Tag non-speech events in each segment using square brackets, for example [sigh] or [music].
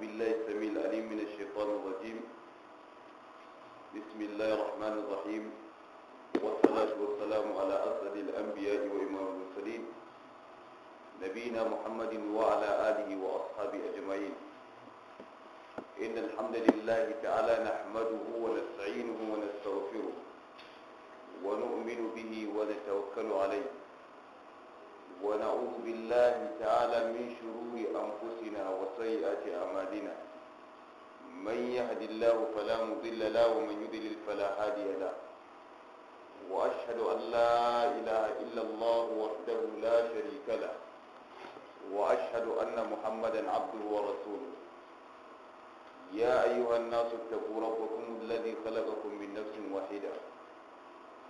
بالله السميع العليم من الشيطان الرجيم بسم الله الرحمن الرحيم والصلاة والسلام على أسعد الأنبياء وإمام المرسلين نبينا محمد وعلى آله وأصحابه أجمعين إن الحمد لله تعالى نحمده ونستعينه ونستغفره ونؤمن به ونتوكل عليه ونعوذ بالله تعالى من شرور أنفسنا وسيئات أعمالنا من يهد الله فلا مضل له ومن يضلل فلا هادي له وأشهد أن لا إله إلا الله وحده لا شريك له وأشهد أن محمدا عبده ورسوله يا أيها الناس اتقوا ربكم الذي خلقكم من نفس واحده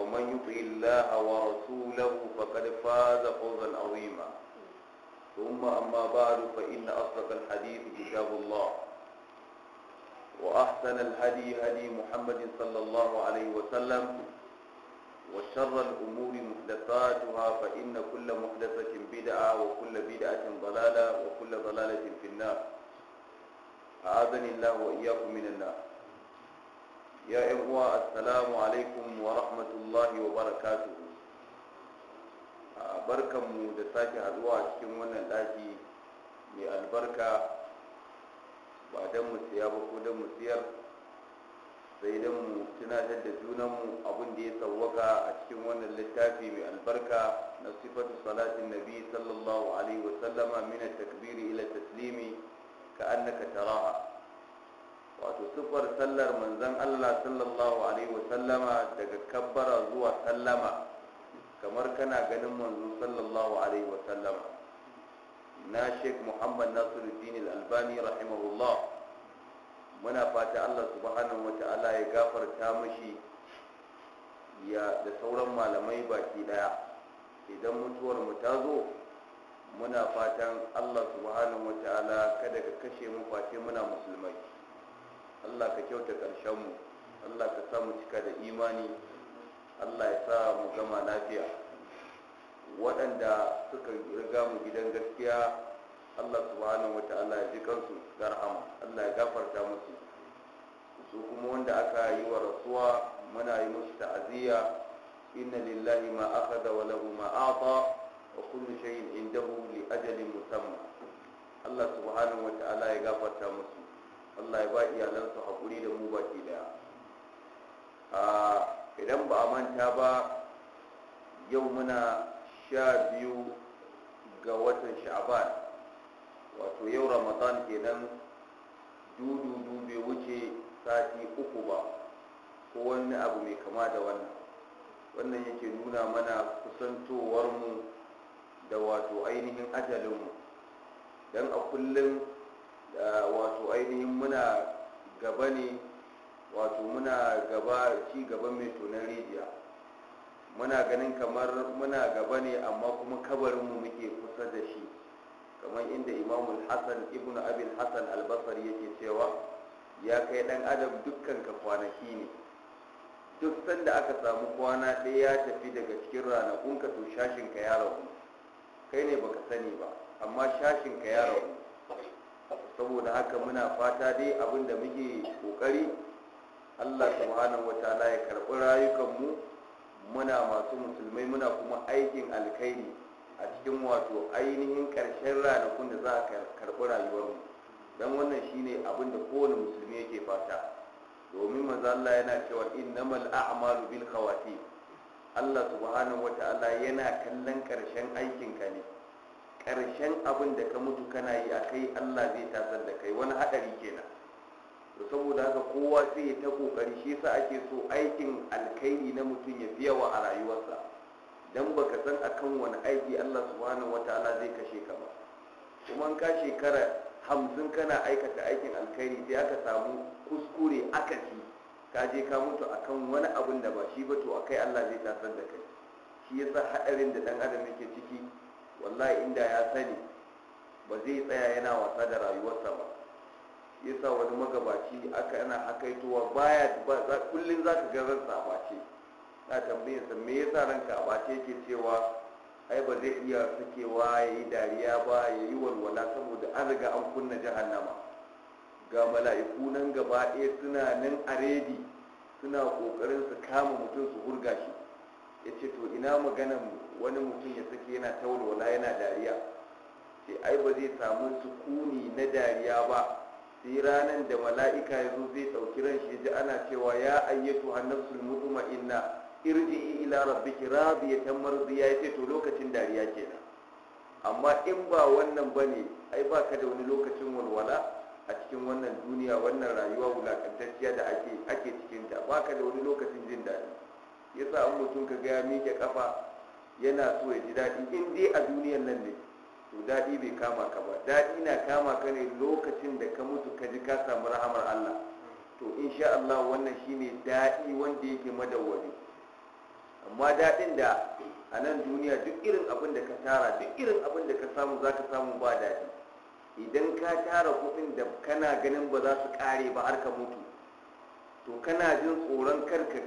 ومن يطع الله ورسوله فقد فاز فوزا عظيما ثم أما بعد فإن أصدق الحديث كتاب الله وأحسن الهدي هدي محمد صلى الله عليه وسلم وشر الأمور محدثاتها فإن كل محدثة بدعة وكل بدعة ضلالة وكل ضلالة في النار أعاذني الله وإياكم من النار ya yan uwa assalamu alaikum wa rahmatullahi wa barakatu barakatuhu barkanmu da sake haduwa a cikin wannan daki mai albarka ba don mu siya ba ko don mu siyar sai don mu tunatar da junanmu abin da ya sauwaka a cikin wannan littafi mai albarka na sifatu salatin nabi sallallahu alaihi wasallama min takbiri ila taslimi ka annaka taraha wato siffar sallar manzon Allah sallallahu alaihi wasallama daga kabbara zuwa sallama kamar kana ganin manzo sallallahu alaihi wasallama na Sheikh Muhammad Nasiruddin Al-Albani rahimahullah muna fata Allah subhanahu ta'ala ya gafarta mishi ya da sauran malamai baki daya idan mutuwar mu ta zo muna fatan Allah subhanahu ta'ala kada ka kashe mu face muna musulmai Allah ka kyauta ƙarshen mu Allah ka sa mu cika da imani Allah ya sa mu gama lafiya waɗanda suka riga mu gidan gaskiya Allah subhanahu wata'ala ya ji kansu da rahama Allah ya gafarta musu su kuma wanda aka yi wa rasuwa muna yi musu ta'aziyya inna lillahi ma akhadha wa lahu ma a'ta wa kullu shay'in indahu li ajalin musamma Allah subhanahu wata'ala ya gafarta musu Allah ya ba iyalansu hakuri da mu baki daya idan ba a manta ba yau muna sha biyu ga watan sha'aban wato yau ramadan kenan dudu bai wuce sati uku ba ko wani abu mai kama da wannan wannan yake nuna mana kusantowarmu da wato ainihin ajalinmu don a kullum Ah, wato ainihin muna gaba ne wato muna gaba ci gaban mai tunan rijiya muna ganin kamar muna gaba ne amma kuma kabarinmu muke kusa da shi kamar inda imamul hassan ibn abin hassan albasar yake cewa ya kai dan adam dukkan ka kwanaki ne duk sanda aka samu kwana ɗaya ya tafi daga cikin ranakunka to shashinka ya rabu kai ne baka sani ba amma shashinka ya rabu saboda haka muna fata dai abinda muke kokari allah subhanahu ya karɓi rayukanmu muna masu musulmai muna kuma aikin alkhairi a cikin wato ainihin ƙarshen ranakun da za a karɓi rayuwarmu don wannan shine abin da kowane musulmi yake fata domin mazalla yana cewa innamal a'malu bil khawati Allah subhanahu yana kallon ƙarshen aikinka ne Karshen abin da ka mutu kana yi a kai allah zai tasar da kai wani haɗari kenan to saboda haka kowa sai ya ta ƙoƙari shi sa ake so aikin alkhairi na mutum ya fi yawa a rayuwarsa don baka san akan wani aiki allah subhanahu ta'ala zai kashe ka ba kuma ka shekara hamsin kana aikata aikin alkhairi sai aka samu kuskure akasi ka je ka mutu akan wani abin da ba shi ba to akai Allah zai tasar da kai shi yasa haɗarin da ɗan adam yake ciki wallahi inda ya sani ba zai tsaya yana wasa da rayuwarsa ba yasa wani magabaci aka yana hakaitowa baya ba kullum za ka a bace na sa me yasa ranka a bace ke cewa ai ba zai iya sakewa ya yi dariya ba ya yi walwala saboda an riga an kunna jahannama ga mala'iku nan gaba ɗaya suna nan a redi suna ƙoƙarin su kama mutum su hurga shi ya ce to ina maganan wani mutum ya saki yana ta walwala yana dariya sai ai ba zai samu sukuni na dariya ba sai ranar da mala'ika ya zo zai ɗauki ran shi ji ana cewa ya ayyatu hannabsul mutuma inna irji ila rabbiki radiyatan marziya yace to lokacin dariya kenan amma in ba wannan bane ai ba ka da wani lokacin walwala a cikin wannan duniya wannan rayuwa wulakantacciya da ake ake cikin ta ba ka da wani lokacin jin daɗi yasa an mutum ka ga ya miƙe kafa yana so ya ji daɗi in dai a duniyan nan ne to daɗi bai kama ka ba daɗi na kama ka ne lokacin da ka mutu ka ji ka samu rahamar Allah to insha Allah wannan shine daɗi wanda yake madawwami amma daɗin da a nan duniya duk irin abin da ka tara duk irin abin da ka samu za ka samu ba daɗi idan ka tara kuɗin da kana ganin ba za su ƙare ba har ka mutu to kana jin tsoron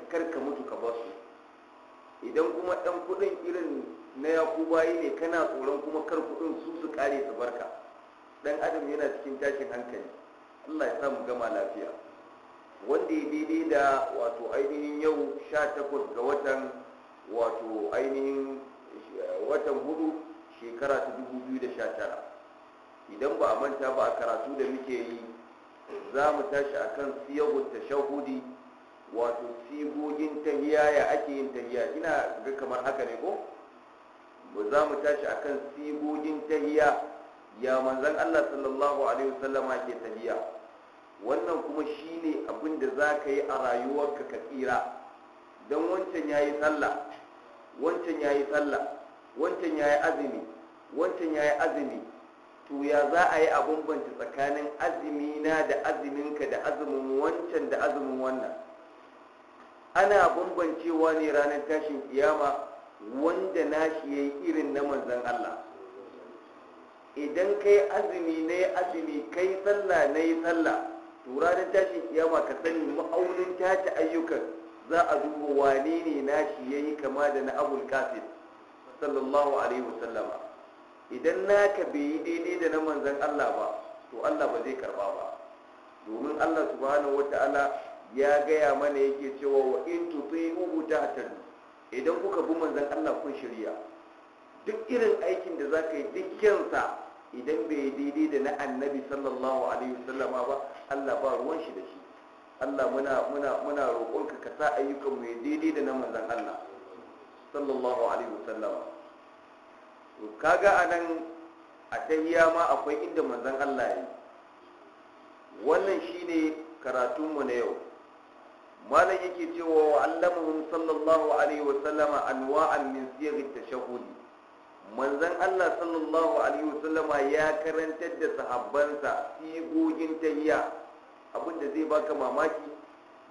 karka mutu ka basu idan kuma ɗan kuɗin irin na yakubayi ne kana tsoron kuma kar kuɗin su su ƙare su barka ɗan adam yana cikin tashin hankali allah ya samu gama lafiya wanda ya daidai da wato ainihin yau sha takwas ga watan wato ainihin watan hudu shekara ta dubu biyu da sha tara idan ba a manta ba a karatu da muke yi za mu tashi akan siyahun tashahudi wato sigogin tahiya ya ake yin tahiya ina ga kamar haka ne ko ba za mu tashi akan sigogin tahiya ya manzan Allah sallallahu alaihi wasallama ke tahiya wannan kuma shine abin da za ka yi a rayuwarka ka tsira don wancan ya yi sallah wancan ya yi sallah wancan ya azumi wancan ya azumi to ya za a yi a bambanta tsakanin azumina da azuminka da azumin wancan da azumin wannan ana bambancewa ne ranar tashin kiyama wanda nashi ya yi irin na manzan Allah idan kai azumi na yi azumi kai sallah na yi sallah to ranar tashin kiyama ka sani ma'aunin tace ayyukan za a duba wane ne nashi ya yi kama da na abul kafin sallallahu alaihi wasallama idan naka bai yi daidai da na manzan Allah ba to Allah ba zai karba ba domin Allah subhanahu wata'ala ya gaya mana yake cewa wa in ta hatar idan kuka bi manzan Allah kun shirya duk irin aikin da za ka yi kyansa idan bai daidai da na annabi sallallahu alaihi wasallam ba Allah ba ruwan shi da shi Allah muna muna muna roƙonka ka sa ayyukan mu daidai da na manzan Allah sallallahu alaihi wasallama to kaga anan a tahiya ma akwai inda manzan Allah ya yi wannan shine karatunmu na yau malam yake cewa wa allamahum sallallahu alaihi wa sallama anwa'an min siyar tashahhud manzon Allah sallallahu alaihi wa sallama ya karantar da sahabbansa sigogin tahiyya abinda zai baka mamaki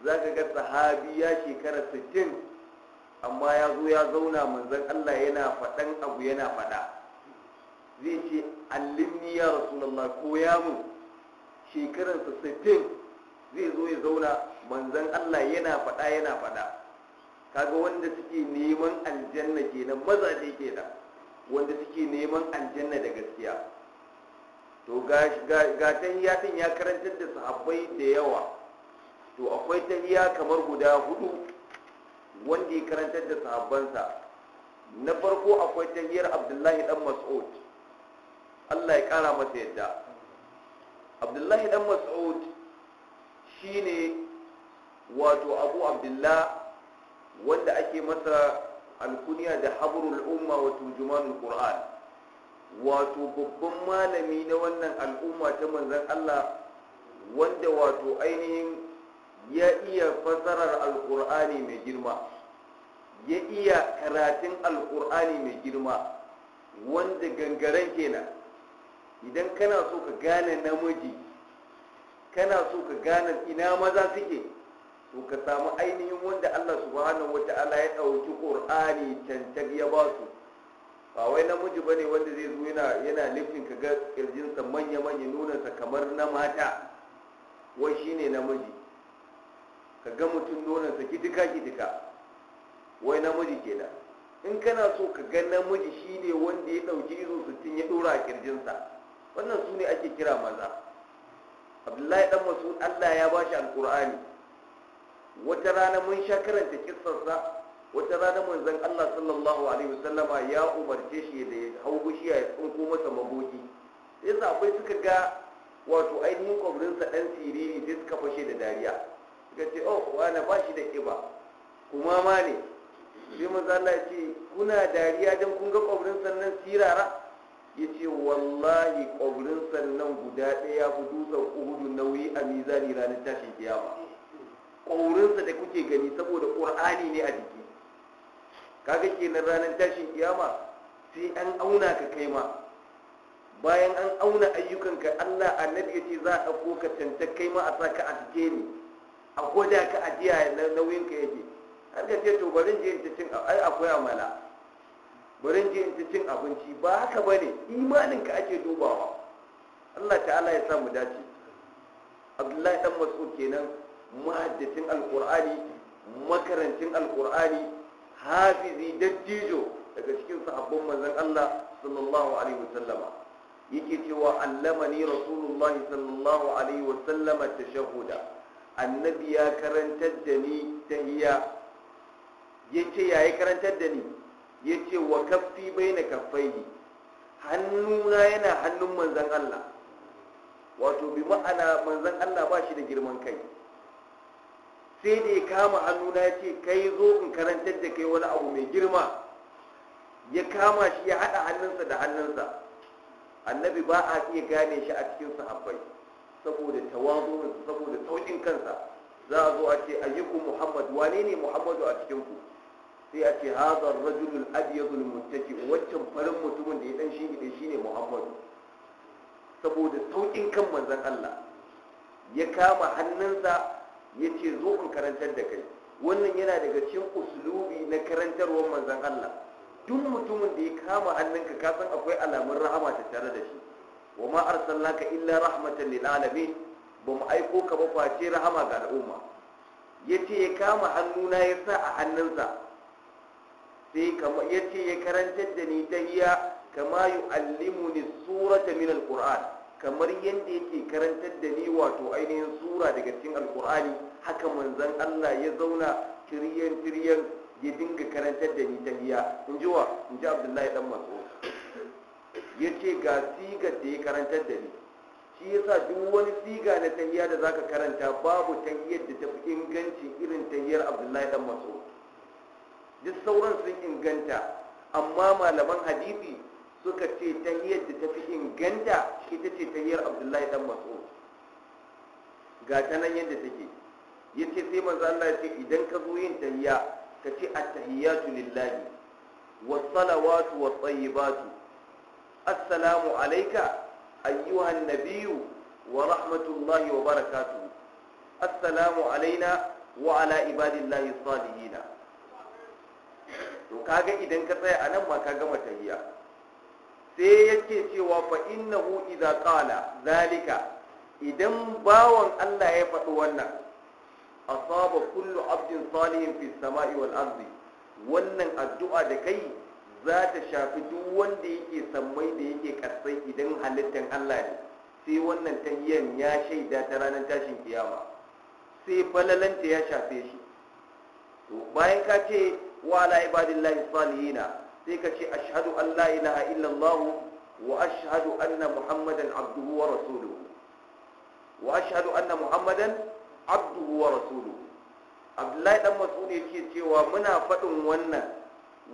zaka ga sahabi ya shekara 60 amma ya zo ya zauna manzon Allah yana faɗan abu yana faɗa zai ce allimni ya rasulullah koya ya mun shekararsa 60 zai zo ya zauna manzon Allah yana faɗa yana faɗa kaga wanda suke neman aljanna kenan mazaje kenan wanda suke neman aljanna da gaskiya to ga ya karantar da sahabbai da yawa to akwai tahiya kamar guda hudu wanda ya karantar da sahabbansa na farko akwai tahiyar abdullahi dan mas'ud allah ya kara masa yadda abdullahi dan mas'ud shine wato abu abdullah wanda ake masa alkuniya da habrul umma wato jumanul qur'an wato babban malami na wannan al'umma ta manzon Allah wanda wato ainihin ya iya fasarar alkur'ani mai girma ya iya karatun alkur'ani mai girma wanda gangaren kenan idan kana so ka gane namiji kana so ka gane ina maza suke to ka samu ainihin wanda Allah subhanahu ta'ala ya ɗauki ƙur'ani cancak ya ba su ba wai namiji bane wanda zai zo yana yana nufin ka ga ƙirjinsa manya manya nunansa kamar na mata wai shine namiji ka ga mutum nunansa kitika kitika wai namiji da. in kana so ka ga namiji shine wanda ya ɗauki izo sittin ya ɗora a ƙirjinsa? wannan su ne ake kira maza abdullahi dan masu Allah ya bashi alqur'ani wata rana mun sha karanta kissarsa wata rana mun zan Allah sallallahu alaihi wasallama ya umarce shi da ya hau bishiya ya tsinko masa maboki. sai akwai suka ga wato ainihin kwabrinsa dan siriri sai suka fashe da dariya suka ce oh wani ba shi da kiba kuma ma ne sai manzo Allah ya ce kuna dariya dan kun ga kwabrinsa nan sirara ya ce wallahi kwabrinsa nan guda ɗaya fi dutsen uhudu nauyi a mizani ranar tashin kiyama ƙaurinsa da kuke gani saboda ƙur'ani ne a jiki kaga kenan ranar tashin kiyama sai an auna ka kai ma bayan an auna ayyukanka allah annabi ya ce za a ɗauko ka canta kai ma a sa ka a jike ne a gwada ka a na nauyin ka yake har ka ce to barin je in ai akwai amala Barin je in ta abinci ba haka bane imanin ka ake dubawa allah ta'ala ya sa mu dace abdullahi dan mas'ud kenan muhaddisin alkur'ani makarancin alkur'ani hafizi dattijo daga cikin sahabban manzon Allah sallallahu alaihi wasallama yake cewa allamani rasulullah sallallahu alaihi wasallama tashahhuda annabi ya karantar da ni ta tahiyya yace yayi karantar da ni yace wa kaffi baina kaffaihi hannuna yana hannun manzon Allah wato bi ma'ana manzon Allah ba shi da girman kai sai da ya kama hannuna ya ce kai zo in karantar da kai wani abu mai girma ya kama shi ya haɗa hannunsa da hannunsa annabi ba a iya gane shi a cikin sahabbai saboda tawazunin saboda sauƙin kansa za a zo a ce ayyuku muhammad wane ne muhammadu a cikin ku sai a ce hadha ar-rajul muttaki waccan farin mutumin da ya dan shi ne shine muhammadu saboda sauƙin kan manzon Allah ya kama hannunsa ya ce zo in karantar da kai wannan yana daga cikin uslubi na karantarwar manzan Allah duk mutumin da ya kama hannunka ka san akwai alamun rahama ta tare da shi wa ma arsalnaka illa rahmatan lil alamin ba mu aiko ka ba face rahama ga al'umma ce ya kama hannuna ya sa a hannunsa sai kama ya karantar da ni tahiya kama yu'allimuni surata min al-qur'an kamar yadda yake karantar da ni wato ainihin sura daga cikin alkur'ani haka manzan allah ya zauna tiriyan tiriyan ya dinga karantar da ni ta iya in ji wa in ji abdullahi dan maso ya ce ga sigar da ya karantar da ni shi ya sa duk wani siga na tahiya da zaka karanta babu tahiyar da fi inganci irin tahiyar abdullahi dan maso duk sauran sun inganta amma malaman hadisi suka ce yi yadda ta fi inganta ita ce ta yiyar abdullahi dan mas'ud ga ta nan yadda take ya ce sai manzo Allah ce idan ka zo yin tahiya ka ce at-tahiyatu lillahi wa salawatu wa tayyibatu assalamu alayka ayyuha an wa rahmatullahi wa barakatuh assalamu alaina wa ala ibadillahi salihina to kaga idan ka tsaya anan ma ka gama tahiya sai yake cewa fa innahu idza qala zalika idan bawan Allah ya faɗi wannan asaba kullu abdin salihin fi samai wal ardi wannan addu'a da kai za ta shafi duk wanda yake sammai da yake karsai idan halittan Allah ne sai wannan tahiyan ya shaida ta ranar tashin kiyama sai falalanta ya shafe shi to bayan ka ce wa ala ibadillahi salihina sai ka ce ashhadu an la ilaha illallah wa ashhadu anna muhammadan abduhu wa Rasulu. wa ashhadu anna muhammadan abduhu wa rasuluhu abdullahi dan mas'ud yake cewa muna faɗin wannan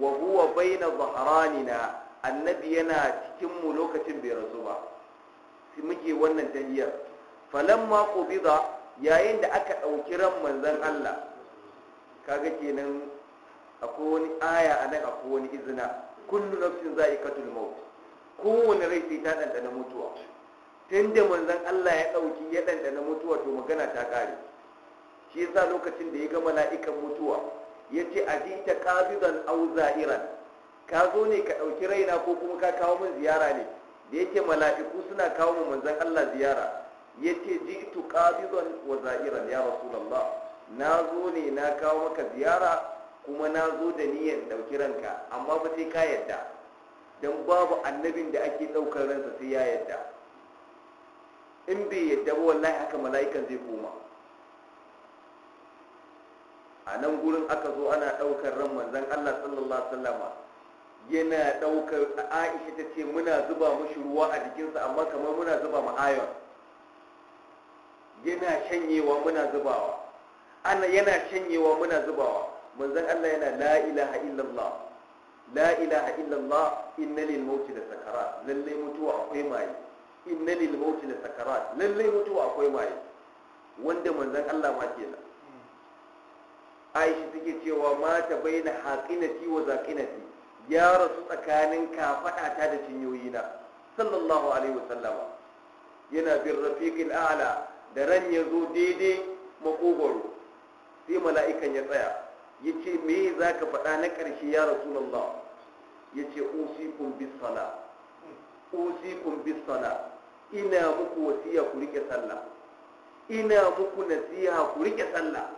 wa huwa baina dhahranina annabi yana cikinmu lokacin bai rasu ba sai muke wannan tahiyar falamma qubida yayin da aka dauki ran manzon Allah kaga kenan akwai wani aya a nan akwai wani izina kullu nafsin za'iqatul maut kowane rai sai ta dandana mutuwa da manzon Allah ya dauki ya dandana mutuwa to magana ta kare shi yasa lokacin da ya ga mala'ikan mutuwa yace ta qabidan aw za'iran ka zo ne ka dauki raina ko kuma ka kawo min ziyara ne da yake mala'iku suna kawo min manzon Allah ziyara yace jitu qabidan wa za'iran ya rasulullah na zo ne na kawo maka ziyara kuma na zo da niyyar ɗauki ranka amma ba sai ka yadda don babu annabin da ake ɗaukar ransa sai ya yadda in bai yadda ba wallahi haka mala'ikan zai koma a nan gurin aka zo ana ɗaukar ran manzan allah sallallahu sallama yana ɗaukar aisha ta ce muna zuba mushi ruwa a jikinsa amma kamar muna zuba ma ayon yana shanyewa muna zubawa ana yana shanyewa muna zubawa Manzan Allah yana la ilaha illallah la ilaha illallah inna lil mauti da sakarat lalle mutuwa akwai maye inna lil mauti da sakarat lalle mutuwa akwai maye wanda manzan Allah ma ke kenan Aisha take cewa mata baina haqinati wa zaqinati ya rasu tsakanin kafaɗata da cinyoyina sallallahu alaihi wasallama yana bin rafiqil a'la da ran ya zo daidai makogoro sai mala'ikan ya tsaya ya ce me za ka faɗa na ƙarshe ya rasulallah ya ce usikun bisala usikun ina muku wasiya ku rike sallah ina muku nasiha ku rike sallah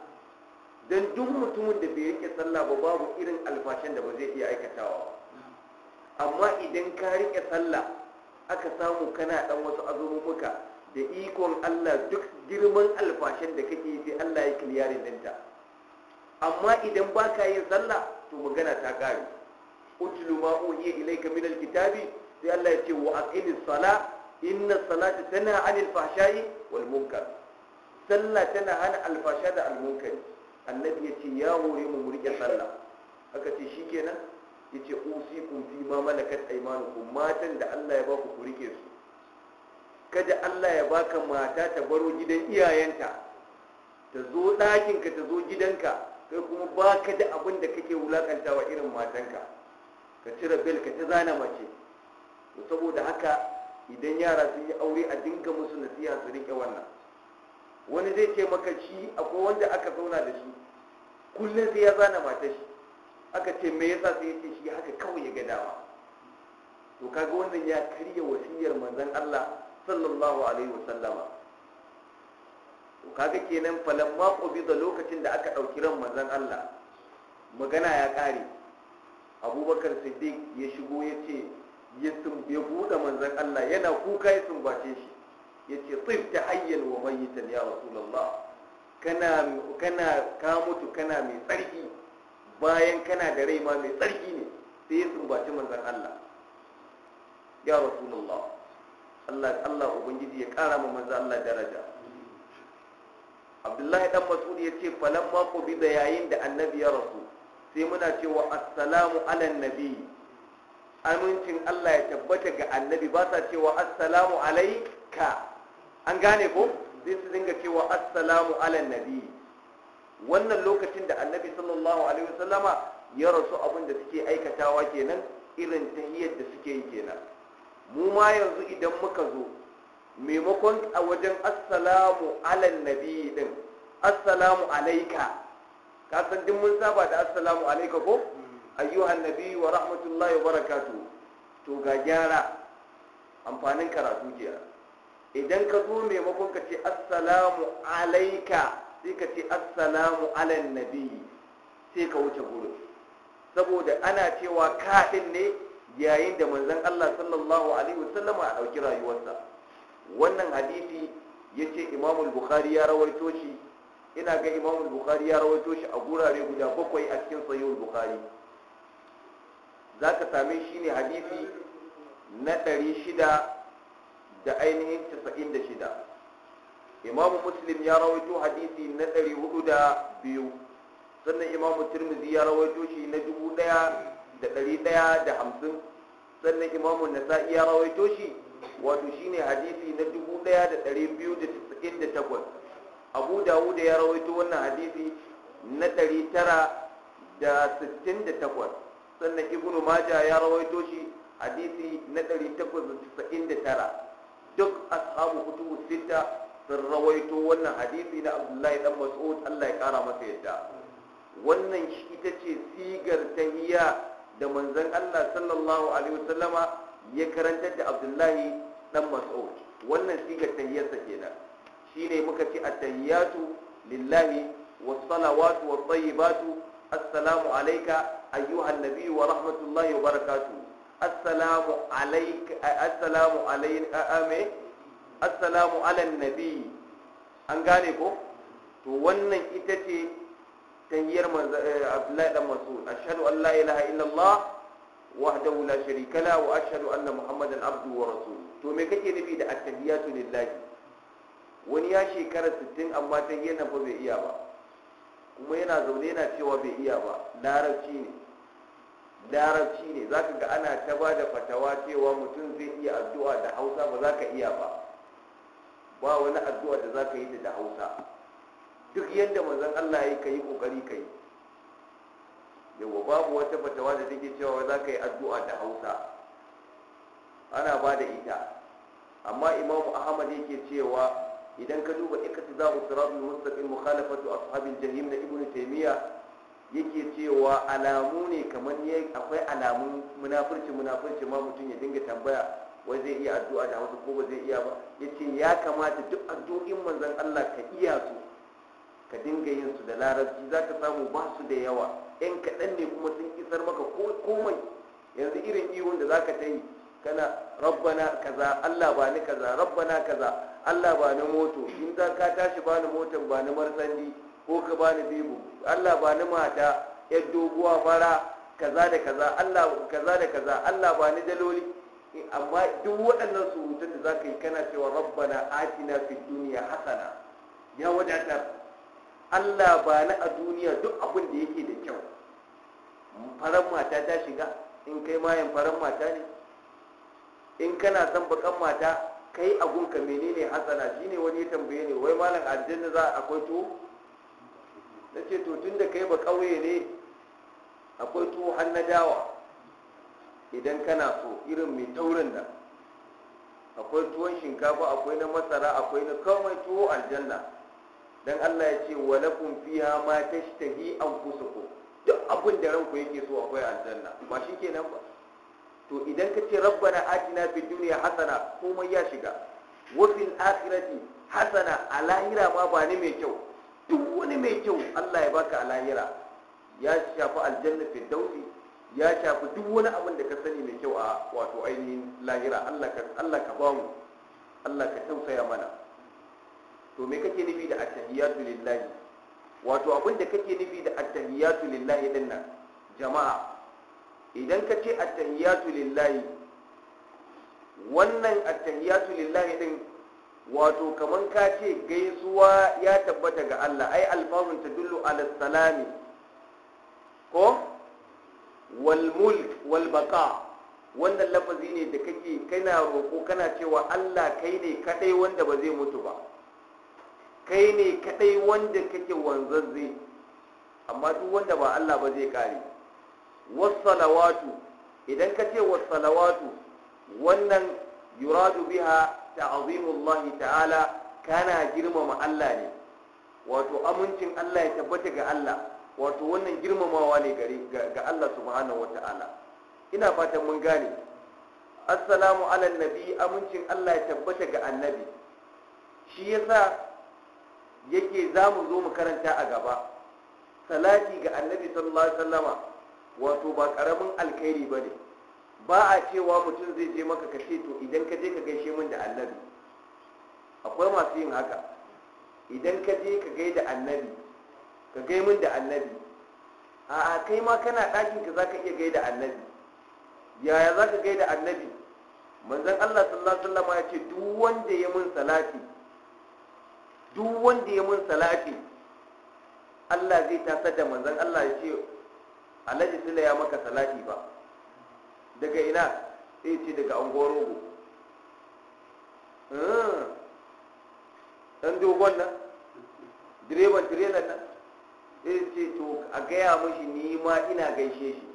don duk mutumin da bai rike sallah ba babu irin alfashin da ba zai iya aikatawa amma idan ka rike sallah aka samu kana dan wasu azumumuka da ikon Allah duk girman alfashin da kake yi sai Allah ya kiliyarin danta. amma idan ba ka yin sallah to magana ta kare utlu ma uhiya ilayka min alkitabi sai Allah ya ce wa aqimis sala inna salata tana anil fahsha'i wal munkar sallah tana hana alfasha da almunkari annabi ya ce ya hore mu mu rike sallah Haka ce shikenan ya ce usikum fi ma malakat aymanukum matan da Allah ya ba ku ku rike su kada Allah ya baka mata ta baro gidan iyayenta ta zo ɗakinka ta zo gidanka kai kuma ba ka da abin da kake wulakantawa irin matanka ka cire bel ka ta zana mace to saboda haka idan yara sun yi aure a dinga musu nasiha su rike wannan wani zai ce maka shi akwai wanda aka zauna da shi kullum sai ya zana matar shi aka ce me yasa sai yake shi haka kawai ya ga dama to kaga wannan ya karya wasiyar manzon Allah sallallahu alaihi wasallama to kaga kenan falamma qubida lokacin da aka dauki ran manzon Allah magana ya kare abubakar siddiq ya shigo ya ce ya tumbe buɗe manzan Allah yana kuka ya tumbace shi ya ce tsif ta hayyan wa mayitan ya rasulallah kana kana ka mutu kana mai tsarki bayan kana da rai ma mai tsarki ne sai ya tumbaci manzan Allah ya rasulallah Allah Allah ubangiji ya kara ma manzan Allah daraja abdullahi dan mas'ud ya ce mako qubi da yayin da annabi ya rasu sai muna cewa assalamu ala nabi amincin Allah ya tabbata ga annabi ba sa cewa assalamu alayka an gane ko sai su dinga cewa assalamu ala nabi wannan lokacin da annabi sallallahu alaihi wasallama ya rasu abin da suke aikatawa kenan irin tahiyyar da suke yi kenan mu ma yanzu idan muka zo maimakon a wajen assalamu alan nabi din assalamu alaika ka san din mun saba da assalamu alaika ko hmm. ayyuhan nabi wa rahmatullahi wa barakatuh to ga gyara amfanin karatu jiya idan ka zo maimakon ka ce assalamu alaika sai ka ce assalamu alan nabi sai ka wuce gurin saboda ana cewa kaɗin ne yayin da manzon Allah sallallahu alaihi wasallama a ɗauki rayuwarsa wannan hadisi ya ce imamul bukhari ya rawaito shi ina ga imamul bukhari ya rawaito shi a gurare guda bakwai a cikin sahihul bukhari za ka same shi ne hadisi na ɗari shida da ainihin casa'in da shida imamu muslim ya rawaito hadisi na ɗari da biyu sannan imamu turmizi ya rawaito shi na dubu ɗaya da ɗari ɗaya da hamsin sannan imamu nasa'i ya rawaito shi wato shine hadisi na 1298 abu dawud ya rawaito wannan hadisi na 968 sannan ibnu majah ya rawaito shi hadisi na 899 duk ashabu kutubu sita sun rawaito wannan hadisi na abdullahi dan mas'ud Allah ya kara masa yadda wannan shi ita ce sigar tahiyya da manzon Allah sallallahu alaihi wasallama ya karantar da abdullahi dan mas'ud wannan sigar tahiyyarsa kenan shine muka ce at-tahiyatu lillahi was-salawatu wat-tayyibatu assalamu alayka ayyuhan nabiy wa rahmatullahi wa barakatuh assalamu alayka assalamu alayka ame assalamu ala nabi an gane ko to wannan ita ce tahiyyar manzo eh, abdullahi dan mas'ud ashhadu an la ilaha illallah وحده لا شريك له واشهد ان محمدا عبده to me kake nufi da attahiyatu lillahi wani ya shekara 60 amma ta yana ba bai iya ba kuma yana zaune yana cewa bai iya ba larabci ne larabci ne zaka ga ana ta ba da fatawa cewa mutum zai iya addu'a da Hausa ba zaka iya ba ba wani addu'a da zaka yi da Hausa duk yadda manzon Allah ya kai kokari kai yawa babu wata fatawa da take cewa za ka yi addu'a da hausa ana ba da ita amma imamu ahmad yake cewa idan ka duba iktiza usratul mustaqim mukhalafatu ashabil jahim na ibnu taymiya yake cewa alamu ne kamar yayi akwai alamun munafurci munafurci ma mutum ya dinga tambaya wai zai iya addu'a da Hausa ko ba zai iya ba ce ya kamata duk addu'in manzon Allah ka iya su ka dinga yin su da larabci zaka samu ba su da yawa yan kaɗan ne kuma sun isar maka komai yanzu irin iwon da za ka ta yi kana rabbana kaza allah ba ni kaza rabbana kaza allah ba ni moto in za ka tashi ba ni motan ba ni martandi, ko ka ba ni bibu allah ba ni mata yar doguwa fara kaza da kaza allah kaza da kaza allah ba ni daloli eh, amma duk waɗannan surutun da za ka yi kana cewa rabbana atina fid duniya hasana ya wadatar Allah ba na a duniya duk abin da yake da kyau faran mata ta shiga in kai mayan faran mata ne in kana son bakan mata kai agunka menene hasana shine wani ya tambaye ne wai malam aljanna za akwai tuwo na ce to tun da kai ba kauye ne akwai tuwo har dawa idan kana so irin mai taurin da akwai tuwon shinkafa akwai na masara akwai na kawai tuwo aljanna dan Allah ya ce wa lakum fiha ma tashtahi anfusukum duk abin da ranku yake so akwai aljanna ba shi ba to idan ka ce rabbana atina fid dunya hasana komai ya shiga wa fil akhirati hasana a lahira ma ba ni mai kyau duk wani mai kyau Allah ya baka a lahira ya shafi aljanna fil dawsi ya shafi duk wani abin da ka sani mai kyau a wato ainihin lahira Allah ka Allah ka bamu Allah ka tausaya mana to me kake nufi da attahiyatu lillahi wato abin da kake nufi da attahiyatu lillahi din nan jama'a idan ka ce attahiyatu lillahi wannan attahiyatu lillahi din wato kamar ka ce gaisuwa ya tabbata ga Allah ai ta tadullu ala salami ko wal mulk wal baqa wannan lafazi ne da kake kana roko kana cewa Allah kai ne kadai wanda ba zai mutu ba kai ne kadai wanda kake wanzazze amma duk wanda ba Allah ba zai kare wassalawatu idan ka ce wassalawatu wannan yuradu biha azimullahi ta'ala kana girmama Allah ne wato amincin Allah ya tabbata ga Allah wato wannan girmamawa ne ga Allah subhanahu ta'ala. ina fatan mun gane assalamu ala nabi amincin Allah ya tabbata ga annabi shi yasa yake za mu zo mu karanta a gaba salati ga annabi sallallahu alaihi wasallama wato ba karamin alkhairi ba ne ba a cewa mutum zai je maka ka to idan ka je ka gaishe min da annabi akwai masu yin haka idan ka je ka gaida annabi ka gai min da annabi a kai ma kana ɗakin ka zaka iya gaida annabi yaya zaka gaida annabi manzon Allah sallallahu alaihi wasallama ya ce duk wanda ya mun salati duk wanda ya mun salati Allah zai tasar da manzon Allah ya ce alhaji sila ya maka salati ba daga ina sai ce daga angoro rogo hmm. dan dogon nan direban tirelan nan sai ce to a gaya mashi ni ma ina gaishe shi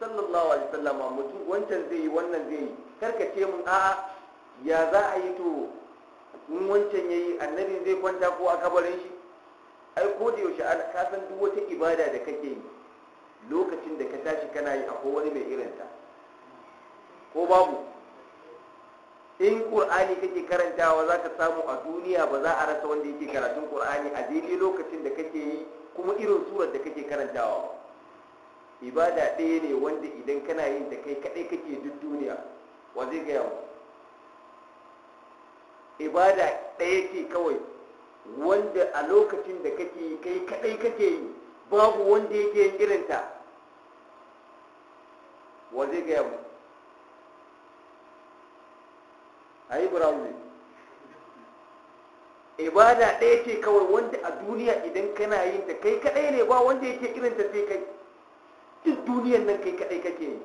sallallahu alaihi wasallam mutum wancan zai yi wannan zai yi karkace mun a'a ya za a yi to in wancan yayi annabi zai kwanta ko a kabarin shi ai ko da yaushe ka san duk wata ibada da kake yi lokacin da ka tashi kana yi akwai wani mai irin ta? ko babu in ƙur'ani kake karantawa za ka samu a duniya ba za a rasa wanda yake karatun qur'ani a daidai lokacin da kake yi kuma irin surar da kake karantawa ibada ɗaya ne wanda idan kana yin ta kai kaɗai kake duk duniya wa zai gaya mu ibada ɗaya ce kawai wanda a lokacin da kake yi kai kadai kake yi babu wanda yake yin irinta wa zai gaya mu a yi burawuni ibada ɗaya ce kawai wanda a duniya idan kana yin ta kai kadai ne ba wanda yake irinta sai kai duk duniyan nan kai kadai kake yi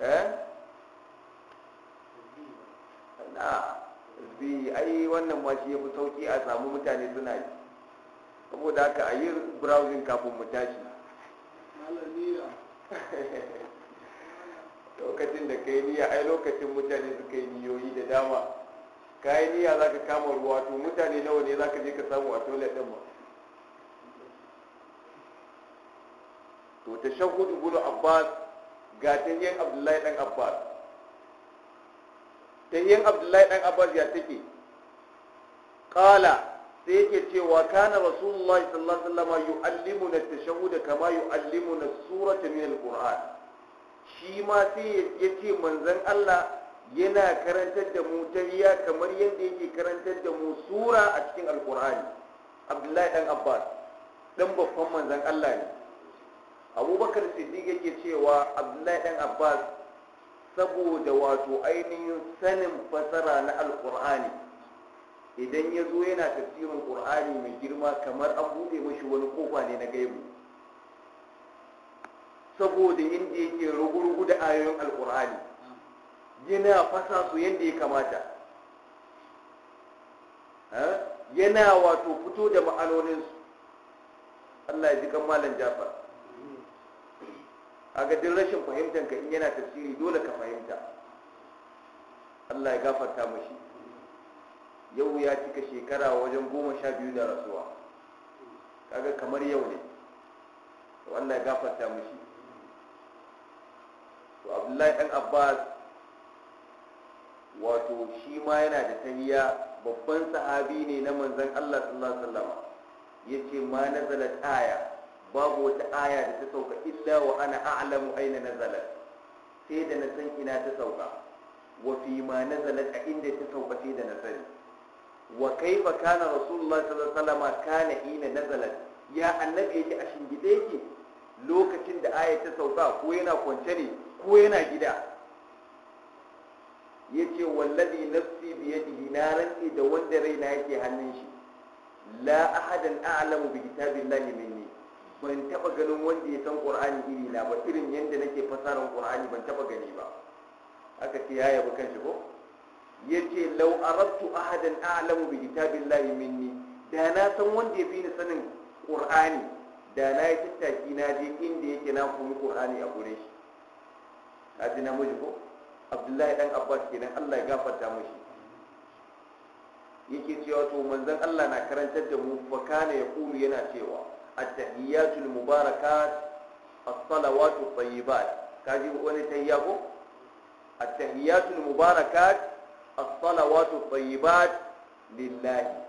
eh na bi ai wannan ma shi ya fi sauki a samu mutane suna yi saboda haka a yi browsing kafin mu tashi [laughs] lokacin da ka yi niyya ai lokacin mutane suka yi niyoyi da dama ka yi niyya za ka kama ruwa to mutane nawa ne za ka je ka samu a toilet ɗin ma to ta shahudu gudu abbas ga ta yin abdullahi ɗan abbas yin abdullahi dan abbas ya take qala sai yake cewa kana rasulullahi sallallahu alaihi wasallam na at-tashahhud kama na surata min al shi ma sai yace manzan Allah yana karantar da mu tahiya kamar yadda yake karantar da mu sura a cikin alquran abdullahi dan abbas dan babban manzon allah ne abubakar siddiq yake cewa abdullahi Ɗan abbas saboda wato ainihin sanin fasara na alkur'ani idan ya zo yana tafsirin ƙur'ani mai girma kamar an buɗe mashi wani kofa ne na gaibu saboda inda yake rugurugu da ayoyin alkur'ani yana fasa su yadda ya kamata yana wato fito da ma'anoninsu allah ya ji kan malam jafar a ga duk rashin fahimtar ka in yana tafsiri dole ka fahimta Allah ya gafarta mashi yau ya cika shekara wajen goma sha biyu da rasuwa kaga kamar yau ne to Allah ya gafarta mashi to Abdullahi dan Abbas wato shi ma yana da tariya babban sahabi ne na manzon Allah sallallahu alaihi wasallam yace ma nazala aya babu wata aya da ta sauka illa wa ana a'lamu aina nazalat sai da na san ina ta sauka wa fi ma nazalat a inda ta sauka sai da na sani wa kaifa kana rasulullah sallallahu alaihi wasallam kana ina nazalat ya annabi yake a shingide yake lokacin da aya ta sauka ko yana kwance ne ko yana gida yace wallazi nafsi biyadihi na rantsi da wanda raina yake hannun shi la ahadan a'lamu bi kitabillahi min ban taba ganin wanda ya san qur'ani iri na ba irin yadda nake fasaran qur'ani ban taba gani ba aka ce ya yabi kanshi ko yace law aradtu ahadan a'lamu bi kitabillahi minni da na san wanda ya fi ni sanin qur'ani da na yi tattaki na je inda yake na kuma qur'ani a gure shi kaji namiji ko abdullahi dan abbas kenan Allah ya gafarta mishi yake cewa to manzon Allah na karantar da mu fa kana yaqulu yana cewa at-tahiyatul mubarakat as-salawatu tayyibat kaji wani tayya ko at-tahiyatul mubarakat as-salawatu tayyibat lillahi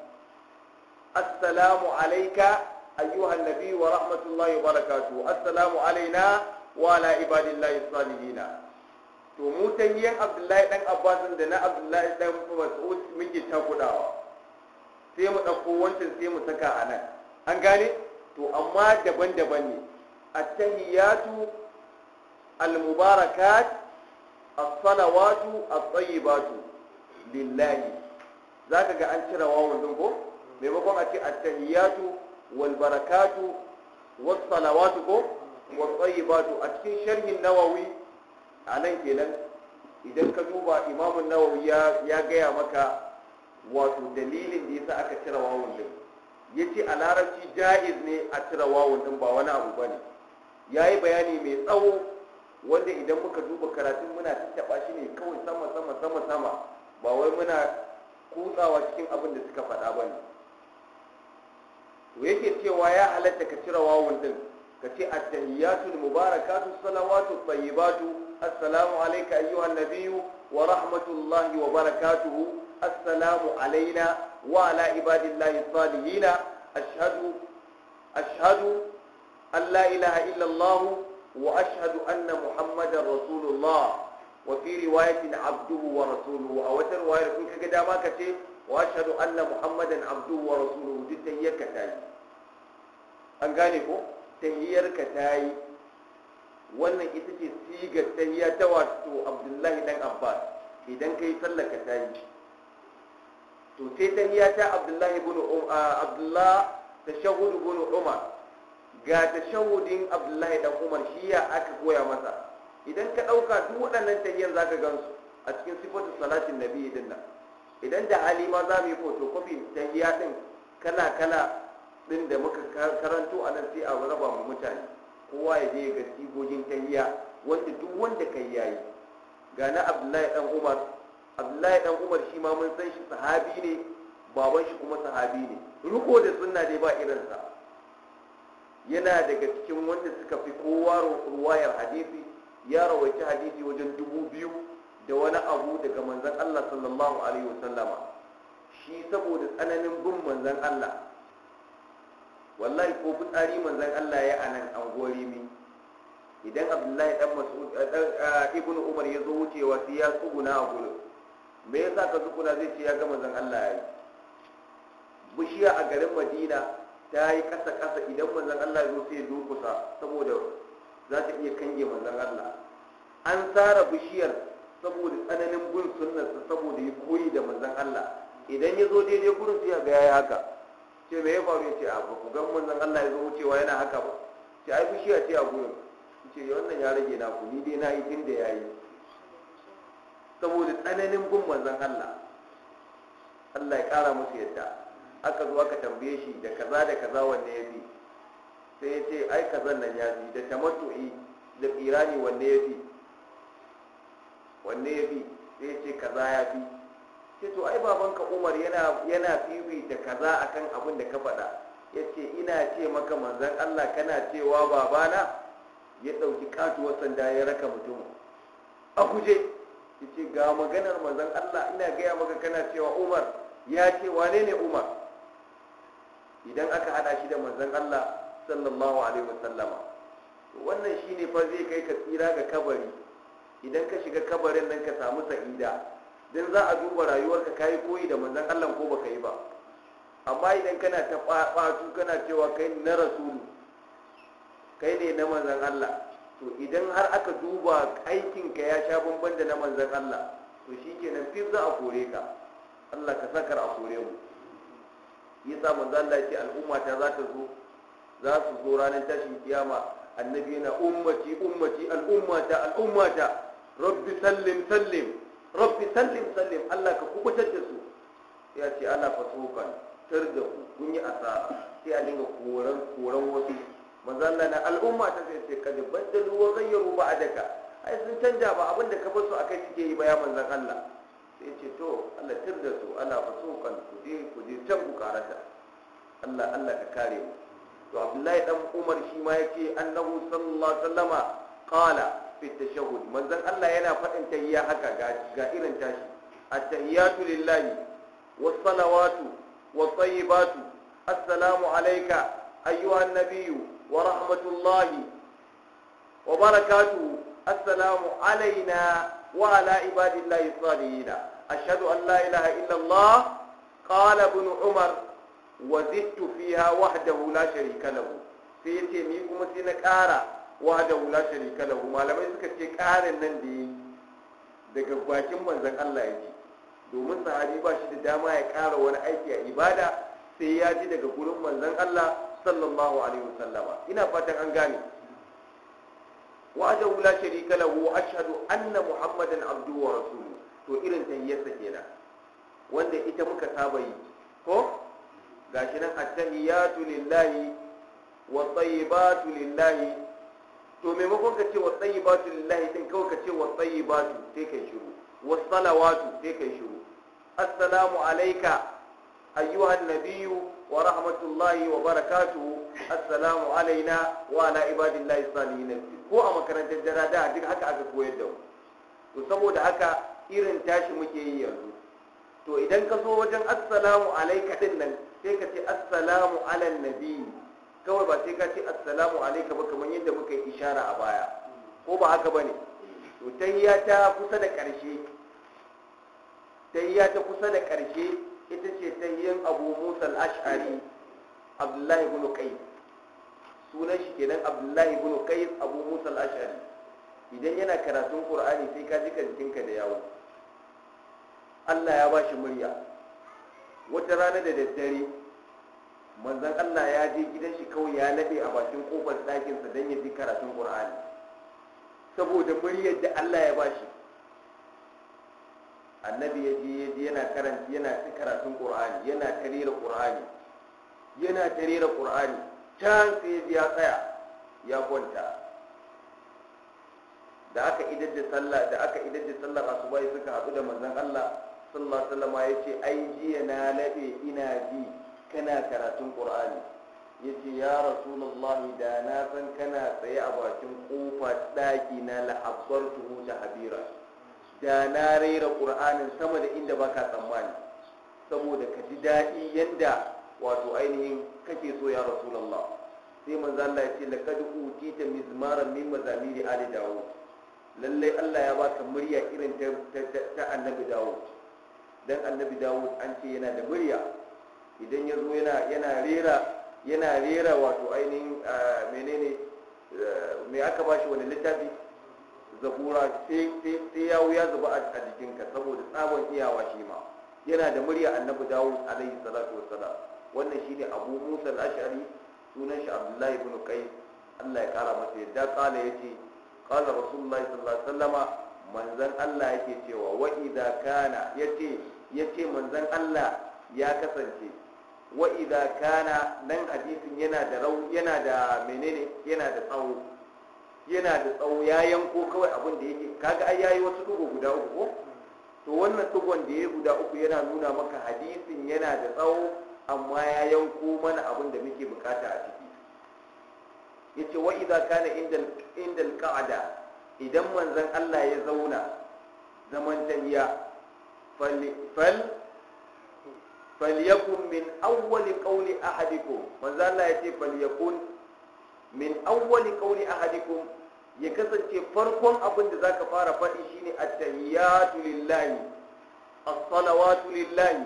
السلام عليك wa rahmatullahi wa الله Assalamu السلام wa وعلى عباد الله الصالحين to mu ta yiyan abdullahi dan abbasin da na abdullahi dan mas'ud muke ta kudawa sai mu ɗauko wancan sai mu saka a nan an gane to amma daban-daban ne al almubarakat as-salawatu at-tayyibatu lillahi zaka ga an cire wawan din ko maimakon a ce at-tahiyatu wal barakatu was salawatu ko was tayyibatu a cikin sharhin nawawi a nan kenan idan ka duba imamun nawawi ya gaya maka wato dalilin da yasa aka cire wawan din ya ce a larabci ja'iz ne a cire wawun din ba wani abu ba ne yi bayani mai tsawo wanda idan muka duba karatun muna tattaɓa shi ne kawai sama sama sama sama ba wai muna kutsawa cikin abin da suka faɗa ba ne to yake cewa ya halatta ka cire wawun din ka ce attahiyatul mubarakatu salawatu tayyibatu assalamu alayka ayyuhan nabiyyu wa rahmatullahi wa barakatuhu assalamu alaina وعلى عباد الله الصالحين أشهد أشهد أن لا إله إلا الله وأشهد أن محمدا رسول الله وفي رواية عبده ورسوله أو رواية كل كذا ما كتب وأشهد أن محمدا عبده ورسوله دي تهيير كتاي أن قال لكم تهيير كتاي wannan ita ce sigar tahiya ta wato abdullahi dan abbas idan kai sallar ka tayi to sai ta abdullahi bin abdullah umar ga tashahhudin abdullahi dan umar shi ya aka koya masa idan ka dauka duk waɗannan za zaka gansu a cikin sifatu salatin nabi din nan idan da hali ma za mu yi photocopy tahiyya din kala kala din da muka karanto a nan sai a raba mu mutane kowa ya je ga sigogin tahiyya wanda duk wanda kai yayi ga na abdullahi dan umar abdullahi dan umar shi ma mun san shi sahabi ne baban shi kuma sahabi ne ruko da sunna dai ba irinsa yana daga cikin wanda suka fi kowa ruwayar hadisi ya rawaita hadisi wajen dubu biyu da wani abu daga manzan Allah sallallahu alaihi wasallama shi saboda tsananin bin manzan Allah wallahi ko fitsari manzan Allah ya anan an gori mi idan Abdullahi dan Mas'ud eh, eh, ibnu Umar ya zo wucewa sai ya tsuguna a gurin me yasa ka zukuna zai ce ya ga manzon Allah yayi bishiya a garin Madina ta yi kasa kasa idan manzon Allah ya zo sai dukusa saboda za ta iya kange manzon Allah an tsara bishiyar saboda tsananin bin sunnarsa saboda ya koyi da manzon Allah idan ya zo daidai gurin sai ga yayi haka ce me ya faru ce a ba ku ga manzon Allah ya zo wucewa yana haka ba ce ai bishiya ce a gurin ce wannan ya rage na ku ni dai na yi tun da yayi saboda tsananin bin manzon Allah Allah ya kara musu yadda aka zo aka tambaye shi da kaza da kaza wanne ya fi sai ya ce ai kaza nan ya fi da tamattu'i da tsirani wanne ya fi wanne ya fi sai ya ce kaza ya fi sai to ai babanka umar yana yana fifi da kaza akan abin da ka faɗa ya ce ina ce maka manzan allah kana cewa babana ya ɗauki katuwar sanda ya raka mutum a guje yace ga maganar manzon Allah ina gaya maka kana cewa Umar ya ce wane ne Umar idan aka hada shi da manzon Allah sallallahu alaihi wasallama wannan shine fa zai kai ka tsira ga kabari idan ka shiga kabarin nan ka samu sa'ida dan za a duba rayuwarka kai koyi da manzon Allah ko baka yi ba amma idan kana ta kana cewa kai na rasulu kai ne na manzon Allah to idan har aka duba aikinka ya sha bamban da na manzan Allah to shi kenan fif za a kore ka Allah ka sakar a kore mu yi sa manzan Allah ce al'umma ta za ta zo za su zo ranar tashin kiyama annabi yana al'umma ta al'ummata al'ummata rabbi sallim sallim rabbi sallim sallim Allah ka kubutar da su ya ce ana fasukan tar da ku kun yi asara sai a dinga koran koran wasu mazalla na al'umma ta sai ce kaji baddalu wa a ba'daka ai sun canja ba abin da ka bar su akai suke yi ba ya manzon Allah sai ce to Allah tirda su Allah fasuqan ku je ku je can ku karata Allah Allah ka kare mu to Abdullahi dan Umar shi ma yake annahu sallallahu alaihi wasallama qala fi tashahhud manzon Allah yana faɗin tahiyya haka ga irin tashi at-tahiyyatu lillahi was-salawatu was-tayyibatu assalamu alayka ayyuhan nabiyyu ورحمة الله وبركاته السلام علينا وعلى عباد الله الصالحين أشهد أن لا إله إلا الله قال ابن عمر وزدت فيها وحده لا شريك له سيتي ميكم سينك آرى وحده لا شريك له ما لم يسكت آرى النندي daga bakin manzon Allah ya ji domin sahabi ba shi da dama ya ƙara wani aiki a ibada sai ya ji daga gurin manzon Allah sallallahu alaihi wasallama ina fatan an gane وحده لا شريك له واشهد ان محمدا عبده ورسوله to irin tahiyyarsa kenan wanda ita muka saba yi ko gashi nan attahiyatu lillahi wa tayyibatu lillahi to maimakon ka ce wa tayyibatu lillahi din kawai ka ce wa tayyibatu sai kai shiru wa salawatu sai kai shiru assalamu alayka أيها النبي ورحمة الله وبركاته السلام علينا وعلى عباد الله الصالحين ko a makarantar jara da duk haka aka koyar da to saboda haka irin tashi muke yi yanzu to idan ka so wajen assalamu alaika din sai ka ce assalamu alal nabi kawai ba sai ka ce assalamu alaika ba kamar yadda muka yi ishara a baya ko ba haka bane to tahiyya ta kusa da karshe tahiyya ta kusa da karshe ita ce ta yin abu musa al'ashari abdullahi bin kai sunan shi kenan abdullahi bin kai abu musa al'ashari idan yana karatun qur'ani sai ka ji kantinka da yawo allah ya ba shi murya wata rana da daddare Manzon allah ya je gidan shi kawai ya nade a bakin kofar ɗakinsa don ya ji karatun qur'ani saboda muryar da allah ya ba shi annabi ya je ya je yana karanta yana karatun qur'ani yana tarira qur'ani yana tarira qur'ani can sai ya tsaya ya kwanta da aka idar da sallah da aka sallar asuba suka haɗu da manzon Allah sallallahu alaihi wasallam ce, ai jiya na labe ina ji kana karatun qur'ani yace ya rasulullah da na san kana tsaye a bakin kofar daki na da habira da na raira ƙur'anin sama da inda baka tsammani saboda ka ji daɗi yadda wato ainihin kake so ya rasulallah sai manzo Allah ya ce laqad utita mizmaran min mazamiri ali dawud lalle Allah ya baka murya irin ta annabi dawud dan annabi dawud an ce yana da murya idan ya zo yana rera wato ainihin ah, menene eh, me aka bashi wani littafi zabura sai yawo ya zuba a jikinka saboda tsabon iyawa shi ma yana da murya annabi dawud alaihi salatu wassalam wannan shine abu musa al-ash'ari sunan shi abdullahi ibn qais Allah ya kara masa yadda kala yace qala rasulullahi sallallahu alaihi wasallama manzon Allah yake cewa wa idza kana yace yace manzon Allah ya kasance wa idza kana nan hadisin yana da yana da menene yana da tsawo yana da tsawo ya yanko kawai abin da yake kaga ai yayi wasu dugo guda uku ko to wannan dugon da ya guda uku yana nuna maka hadisin yana da tsawo amma ya yanko mana abin da muke bukata a ciki yace wa idza kana indal indal qa'da idan manzon Allah ya zauna zaman tanya fal fal falyakun min awwali qawli ahadikum manzon Allah yace falyakun min awwali qawli ahadikum ya kasance farkon abin da zaka fara faɗi shine at-tahiyatu lillahi as-salawatu lillahi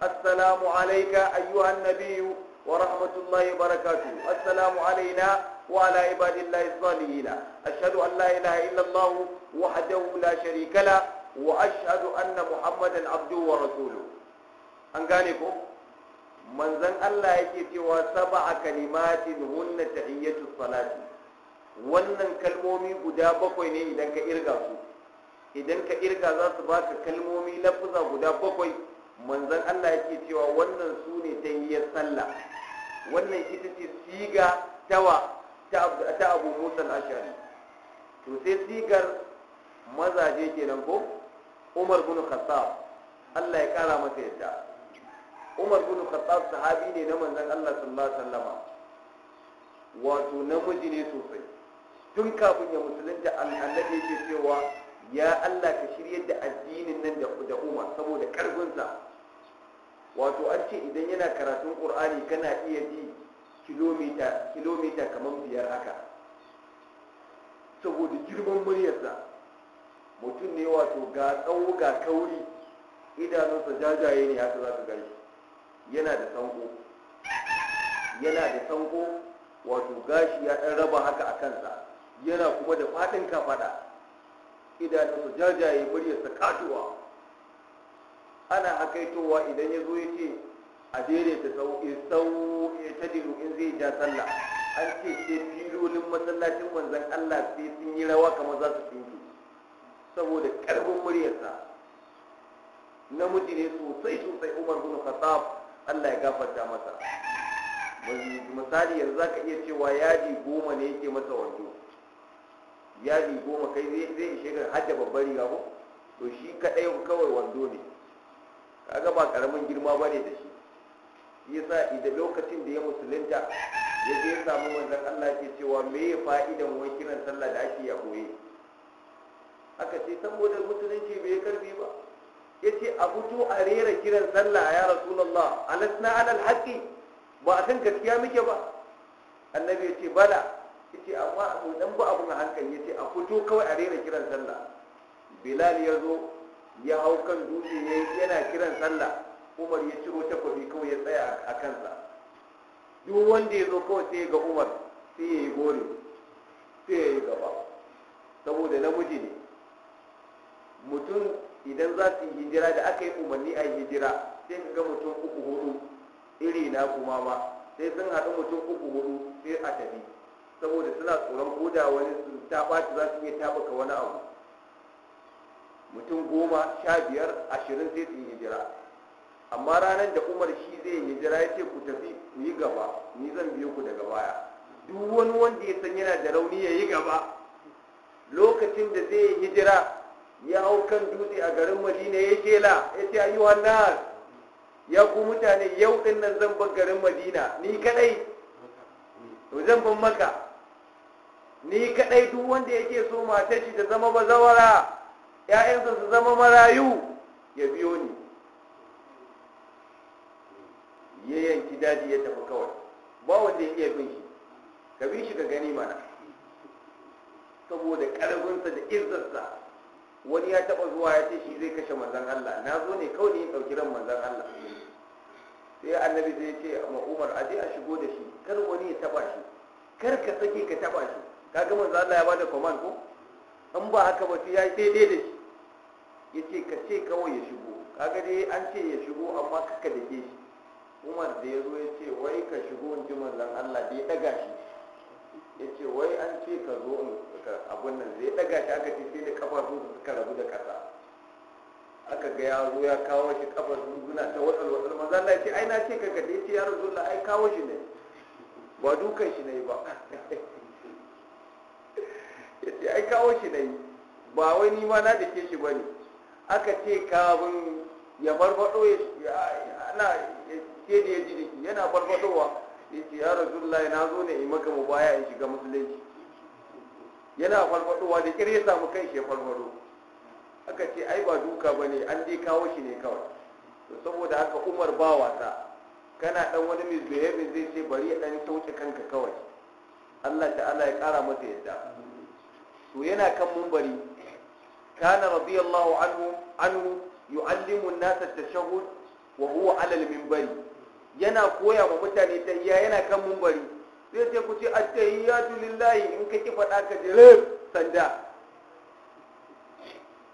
assalamu alayka ayyuhan nabiyyu wa rahmatullahi wa barakatuh assalamu alayna wa ala ibadillahi as-salihin ashhadu an la ilaha illa allah wahdahu la sharika la wa ashhadu anna muhammadan abduhu wa rasuluhu an gane ko manzon Allah yake cewa sab'a kalimatin hunna tahiyyatu salati wannan kalmomi guda bakwai ne idan ka irga su idan ka irga za su baka kalmomi lafuza guda bakwai manzon Allah yake cewa wannan su ne tahiyyar sallah wannan ita ce siga tawa ta Abu Musa al-Ash'ari to sai sigar mazaje kenan ko Umar bin Khattab Allah ya kara masa yadda umar bin khattab sahabi ne na manzon Allah sallallahu alaihi wasallama wato namiji ne sosai tun kafin ya musulunta annabi yake cewa ya Allah ka shiryar da addinin nan da umar saboda karfinsa wato an ce idan yana karatun qur'ani kana iya ji kilomita kilomita kamar biyar haka saboda girman muryarsa mutum ne wato ga tsawo ga kauri idanunsa jajaye ne haka za ka gani yana da sanko yana da sanko wato gashi ya ɗan raba haka a kansa yana kuma da faɗin kafaɗa idanunsa jajaye muryarsa katuwa ana hakaitowa idan ya zo ya ce a daidaita sau eh, sau eh, ta in zai ja sallah an ce ce filolin masallacin manzon Allah sai sun yi rawa kamar za su tsinke saboda ƙarfin muryarsa namiji ne sosai sosai Umar bin Khattab Allah ya gafarta masa misali yanzu ka iya cewa yadi goma ne yake masa wando yadi goma kai zai ishe ga hajja babbar riga ko to shi kaɗai kawai wando ne kaga ba karamin girma ba ne da shi yasa idan lokacin da ya musulunta ya je ya samu manzon Allah ke cewa me ya fa'idan wani kiran sallah da ake a koye aka ce saboda musulunci bai karfi ba yace a fito a rera kiran sallah ya rasulullah alasna ala alhaqi ba a san gaskiya muke ba annabi yace bala yace amma abu dan ba abun hankali yace a fito kawai a rera kiran sallah bilal ya zo ya hau kan dutse yana kiran sallah umar ya ciro takwabi kawai ya tsaya a kansa duk wanda ya zo kawai sai ga umar sai ya yi gori sai ya yi gaba saboda namiji ne mutum idan za su yi hijira da aka yi umarni a hijira sai ka ga mutum uku hudu iri na kuma ma sai sun haɗu mutum uku hudu sai a tafi saboda suna tsoron koda wani su taɓa za su iya taɓuka wani abu mutum goma sha biyar ashirin sai su yi hijira amma ranar da umar shi zai yi hijira ya ce ku tafi ku yi gaba ni zan biyo ku daga baya duk wani wanda ya san yana da rauni ya yi gaba lokacin da zai yi hijira ya hau kan dutse a garin madina ya kela ya ce ayyuhan nas ya ku mutane yau din nan zan bar garin madina ni kaɗai? to zan bar maka ni kadai duk wanda yake so matar shi ta zama bazawara ya'yansa su zama marayu ya biyo ni ya yanki daji ya tafi kawai ba wanda ya iya bin shi ka bi shi ka gani mana saboda ƙarfinsa da izzarsa wani ya taba zuwa ya ce shi zai kashe manzan Allah na zo ne kawai ne dauki ran manzan Allah sai annabi zai ce ma Umar a je a shigo da shi kar wani ya taba shi kar ka sake ka taba shi kaga manzan Allah ya bada command ko an ba haka ba sai ya yi daidai da shi yace ka ce kawai ya shigo kaga dai an ce ya shigo amma kaka dake shi Umar da ya zo ya ce wai ka shigo in ji manzan Allah da ya daga shi ya ce wai an ce ka zo in abun nan zai daga shi aka ce da kafa su suka rabu da kasa aka ga ya zo ya kawo shi kafa suna ta watsal watsal maza Allah ce ai na ce ka gade ce ya rasulullah ai kawo shi ne ba dukan shi ne ba ya ce ai kawo shi ne ba wai ni ma na da ke shi bane aka ce kafin ya barbado ya ana ce da ya ji yana barbadowa yace ya rasulullahi na zo ne in maka baya in shiga musulunci yana farfadowa da kire ya samu kai shi farfado aka ce ai ba duka bane an dai kawo shi ne kawai to saboda haka Umar ba wasa kana dan wani misbehaving zai ce bari ya dan tauce kanka kawai Allah ta'ala ya kara masa yadda to yana kan mumbari kana radiyallahu anhu anhu yu'allimu an-nasa at-tashahhud wa huwa 'ala al-minbari yana koya wa mutane ta iya yana kan mumbari sai sai ku ce ya tahiyyatu lillahi in ka ki faɗa ka je sanda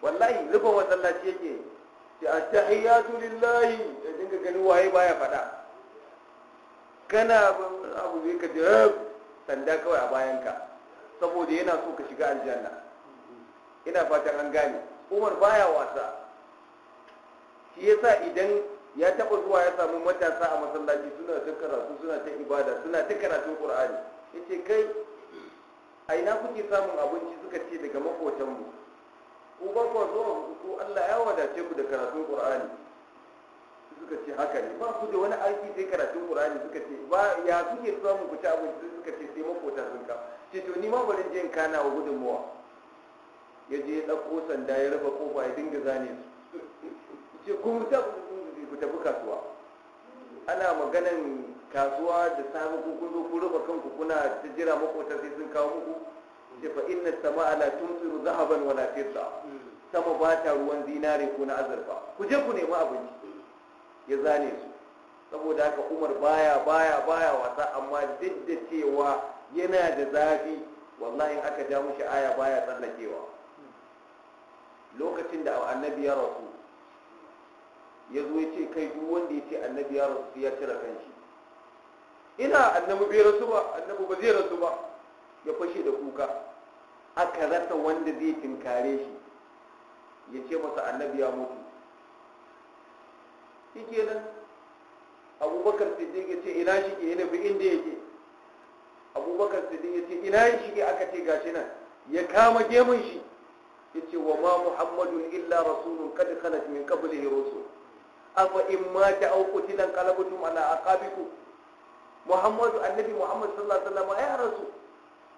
wallahi rufin masallaci yake ce ya tahiyyatu lillahi da dinga ganin waye baya faɗa kana abu zai ka je sanda kawai a bayanka saboda yana so ka shiga aljanna ina fatan an gane umar baya wasa shi yasa idan ya taba zuwa ya samu matasa a masallaci suna ta karatu suna ta ibada suna ta karatun qur'ani yace kai a ina kuke samun abinci suka ce daga maƙotanmu? ku ba ku zuwa ku Allah ya wadace ku da karatun qur'ani suka ce haka ne ba ku da wani aiki sai karatun qur'ani suka ce ba ya kuke samun ku ci abinci suka ce sai makota sun ka ce to ni ma bari je in kana wa gudunmuwa ya je ya ɗauko sanda ya rufe kofa ya dinga zane su ce kun ta tafi kasuwa ana maganan kasuwa da samun ku kun zo ku rufe kanku kuna ta jira makota sai sun kawo muku ce fa inna sama'a la tumsiru zahaban wala fidda sama ba ta ruwan zinare ko na azurfa ku je ku nemi abinci ya zane su saboda haka umar baya baya baya wasa amma duk da cewa yana da zafi wallahi aka ja mushi aya baya tsallakewa lokacin da annabi ya rasu ya zo ya ce kai duk wanda ya ce annabi ya rasu ya cire kan shi. ina annabi bai rasu ba annabi ba zai rasu ba ya fashe da kuka aka rasa wanda zai tinkare shi ya ce masa annabi ya mutu shi kenan abubakar siddiq ya ce ina shi ke ina bi inda yake abubakar siddiq ya ce ina shi ke aka ce gashi nan ya kama gemun shi ya ce wa ma muhammadun illa rasulun kad khalat min qablihi rusul afa in mata au kutilan qalabtum ala aqabikum muhammadu annabi muhammad sallallahu alaihi wasallam ya rasu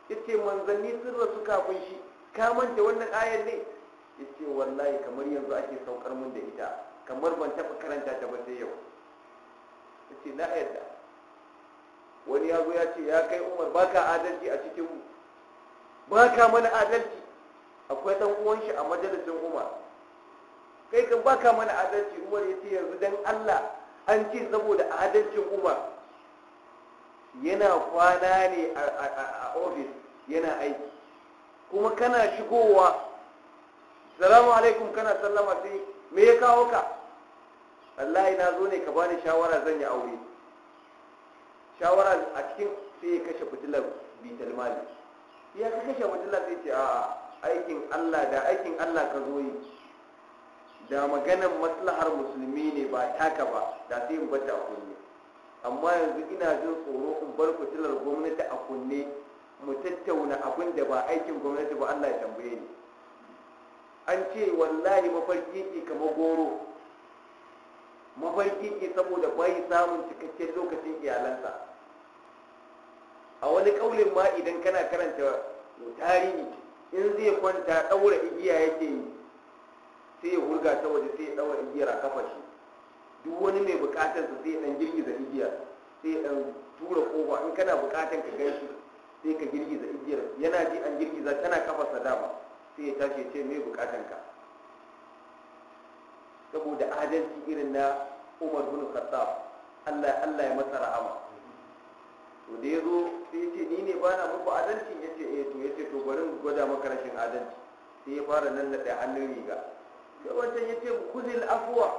yace manzanni sun rasu kafin shi ka manta wannan ayar ne yace wallahi kamar yanzu ake saukar mun da ita kamar ban taɓa karanta ta ba sai yau yace na yadda. wani ya zo ya ce ya kai umar baka adalci a cikin mu baka mana adalci akwai dan uwan shi a majalisin umar kai kan baka mana adalci umar ya ce yanzu dan allah an ce saboda adalcin umar yana kwana ne a ofis yana aiki kuma kana shigowa salamu alaikum kana sallama sai me ya kawo ka wallahi na zo ne ka bani shawara zan yi aure shawara a cikin sai ya kashe fitilar bitar mali ya kashe fitilar sai ce a aikin allah da aikin allah ka zo yi da maganan maslahar musulmi ne ba taka ba da sai in bata kunne amma yanzu ina jin tsoro in bar fitilar gwamnati a kunne mu tattauna abin da ba aikin gwamnati ba Allah ya tambaye ni an ce wallahi mafarki ne kamar goro mafarki ne saboda bai samun cikakken lokacin iyalansa a wani kaulin ma idan kana karanta tarihi in zai kwanta ɗaura igiya yake yi sai ya wurga ta waje sai ya daura igiyar a kafa shi duk wani mai bukatar sa sai ya ɗan girgiza igiyar sai ya ɗan tura kofa in kana bukatar ka gan shi sai ka girgiza igiyar yana ji an girgiza tana kafarsa dama sai ya tashi ce mai bukatar ka saboda adalci irin na Umar bin Khattab Allah Allah ya masa rahama to da yazo sai ya ce ni ne ba na muku adalci yace eh to yace to bari mu gwada maka rashin adalci sai ya fara nan da hannun riga sai wajen ya ce kuzil afuwa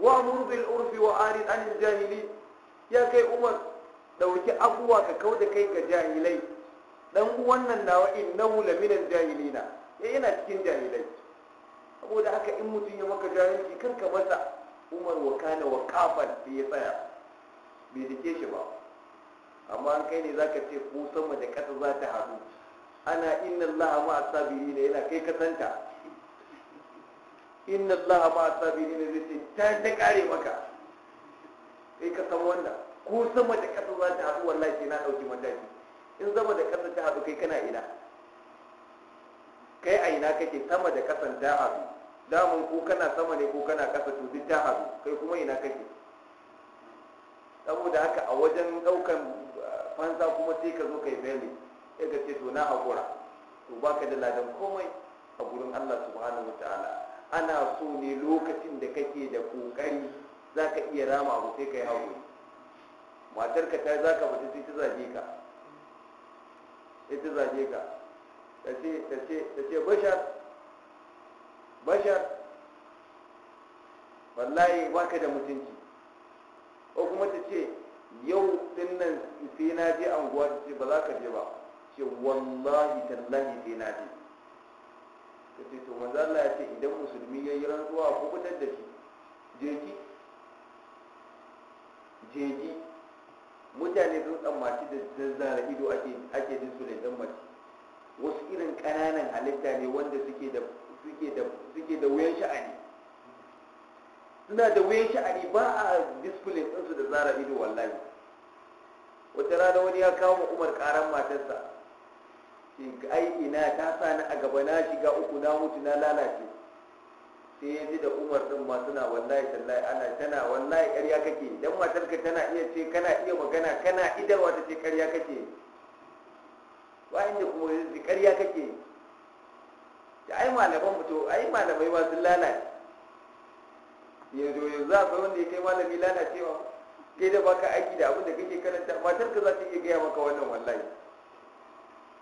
wa murbil urfi wa arid anil jahili ya kai umar dauki afuwa ka kau da kai ga jahilai dan uwan nan nawa innahu laminan jahilina ya yana cikin jahilai saboda haka in mutum ya maka jahilci kar ka masa umar wa kana wa kafan da ya tsaya bai dake shi ba amma an kai ne zaka ce ko sama da kasa za ta haɗu ana inna allaha ma'a sabirina yana kai kasanta inna Allah ma ne zai ce ta ta kare maka kai ka san wanda ko sama da ƙasa za ta haɗu wallahi sai na ɗauki mataki in sama da ƙasa ta haɗu kai kana ina kai a ina kake sama da ƙasan ta haɗu damun ko kana sama ne ko kana ƙasa to duk ta haɗu kai kuma ina kake saboda haka a wajen ɗaukan ah, fansa kuma sai ka zo kai beli sai ka ce to na haƙura to baka da ladan komai a gurin Allah subhanahu wa ta'ala ana so ne lokacin da kake da kokari za ka iya rama abu sai ka yi matar matarka ta za ka fita sai ta zaje ka sai ta zaje ka ta ce bashar bashar wallahi ka da mutunci ko kuma ta ce yau din nan sai na je anguwa ta ce ba za ka je ba ce wallahi tallahi sai na je ce to manzo Allah ya ce idan musulmi ya yi rantsuwa ko fitar da shi jeji jeji mutane sun tsammaci da zazzara ido ake ake jin su da tsammaci wasu irin ƙananan halitta ne wanda suke da suke da suke da wuyan sha'ani suna da wuyan sha'ani ba a display ɗinsu da zara ido wallahi wata rana wani ya kawo Umar ƙaran matarsa in ai ina ta sani a gaba na shiga uku na mutu na lalace sai ya ji da umar din ma suna wallahi tallahi ana tana wallahi ƙarya kake dan ka tana iya ce kana iya magana kana idarwa ta ce ƙarya kake ba inda kuma yanzu ƙarya kake da ai malaman mutu ai malamai ma sun lalace yanzu yanzu kai wanda ya kai malami lalacewa kai da baka aiki da abin da kake karanta matar ka za ta iya gaya maka wannan wallahi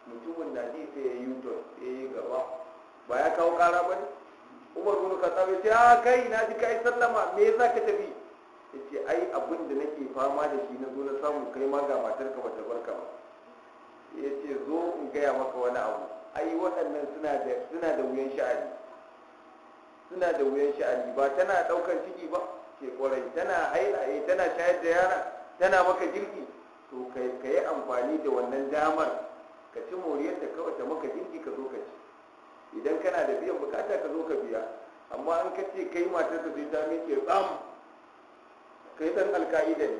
mutumin da ji sai ya yi to ya yi gaba ba ya kawo kara ba ne umar bin khattab ya ce a ah, kai na ji kai sallama me yasa ka tafi ya ce ai abin da nake fama da shi na zo na samu kai ma ga matarka bata barka ba ya ce zo in gaya maka wani abu ai waɗannan suna da wuyan sha'ani suna da wuyan sha'ani ba tana ɗaukar ciki ba ce kwarai tana haila eh tana shayar da yara tana maka girki to ka yi amfani da wannan damar ka ci moriyar da kawai ta maka jinki ka zo ka ci idan kana da biyan bukata ka zo ka biya amma an ka ce kai matar ka zai ta miƙe tsam kai dan alka'ida ne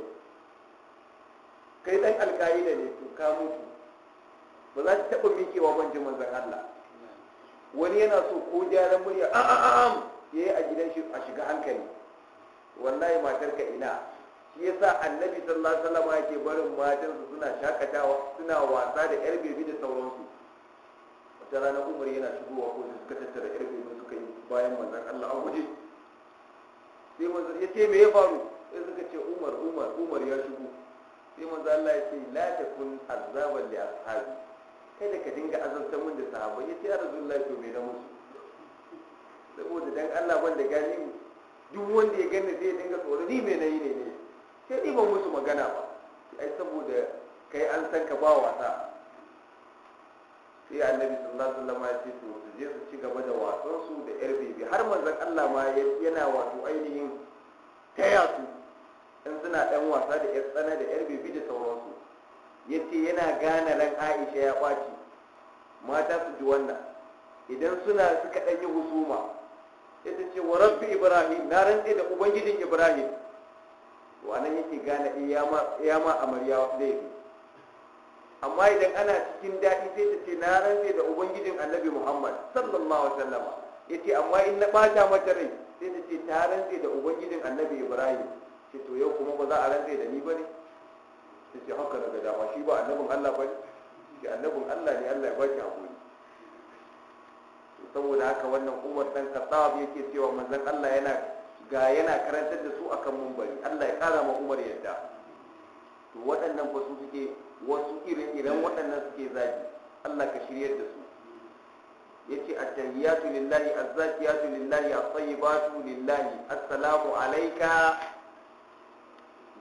kai dan alka'ida ne to ka mutu ba za ta taɓa miƙewa ban ji manzon Allah wani yana so ko gyaran murya a'a a a ya yi a gidan shi a shiga hankali wallahi matar ka ina shi yasa annabi sallallahu alaihi wasallam yake barin matansu suna shakatawa suna wasa da yar bebi da sauransu wata rana umar yana shigowa ko suka tattara yar bebi suka yi bayan manzon Allah a guje sai manzon ya ce me ya faru sai suka ce umar umar umar ya shigo sai manzon Allah ya ce la takun azaban li ashabi kai da ka dinga azabtar min da sahabbai ya ce ya rasulullahi to me da musu saboda dan Allah ban da gani duk wanda ya gani zai dinga tsoro ni me nayi ne ne sai ɗiban musu magana ba ai saboda kai an san ka ba wasa sai annabi sallallahu alaihi wasallam ya ce su je su ci gaba da wasan su da yar bebe har manzon Allah ma yana wato ainihin taya su in suna dan wasa da yar tsana da yar bebe da sauransu yace yana gane ran Aisha ya baci mata su ji wannan idan suna suka ɗan yi husuma ita ce wa rabbi ibrahim na rantse da ubangijin ibrahim to anan yake gane ya ma amarya yi amma idan ana cikin daɗi sai ta ce na rantse da ubangijin annabi muhammad sallallahu alaihi wasallama ya ce amma in na ɓata mata rai sai ta ce ta rantse da ubangijin annabi ibrahim ce to yau kuma ba za a rantse da ni ba ne ta ce haka daga dama shi ba annabin allah ba ne shi annabin allah ne allah ya ba shi haƙuri saboda haka wannan umar ɗan kasab yake cewa manzon allah yana ga yana karantar da su akan mumbari Allah ya kara ma Umar yadda to waɗannan ba su suke wasu irin irin waɗannan suke zagi Allah ka shirye da su yace at-tahiyatu lillahi az-zakiyatu lillahi at-tayyibatu lillahi assalamu alayka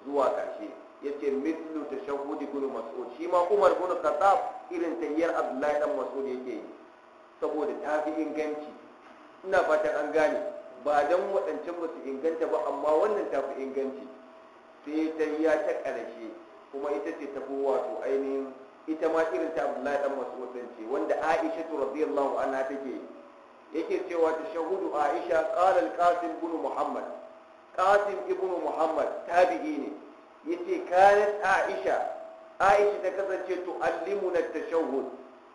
zuwa kashi yace mithlu tashahudi kullu mas'ud shi ma Umar bin Khattab irin tayyar Abdullahi dan Mas'ud yake yi saboda tafi inganci ina fatan an gane ba don waɗancan ba su inganta ba amma wannan ta fi inganci sai ta ya ta ƙarshe kuma ita ce ta fi wato ainihin ita ma irin ta abdullahi dan masu din ce wanda aisha tu radiyallahu anha take yake cewa ta shahudu aisha qala al-qasim ibn muhammad qasim ibn muhammad tabi'i ne yace kana aisha aisha ta kasance tu'allimuna at-tashahhud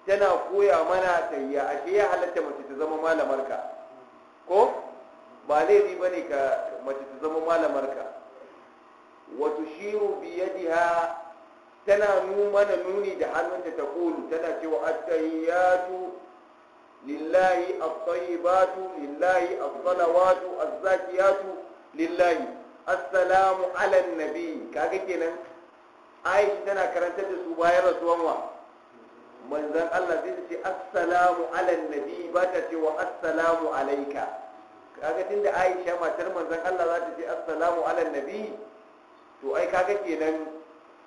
tana koya mana tayya ashe ya halatta mace ta zama malamar ka ko ba laifi ba ne ka mace ta zama malamarka wato shiru biyadiha tana mana nuni da hannunta ta kulu tana cewa attahiyatu lillahi at-tayyibatu lillahi as-salawatu az-zakiyatu lillahi assalamu ala nabi kaga kenan aisha tana karantar da su bayan rasuwan wa manzon Allah zai ce assalamu ala nabi ba ta cewa assalamu alaika kaga tunda Aisha matar manzon Allah za ta ce assalamu ala nabi to ai kaga kenan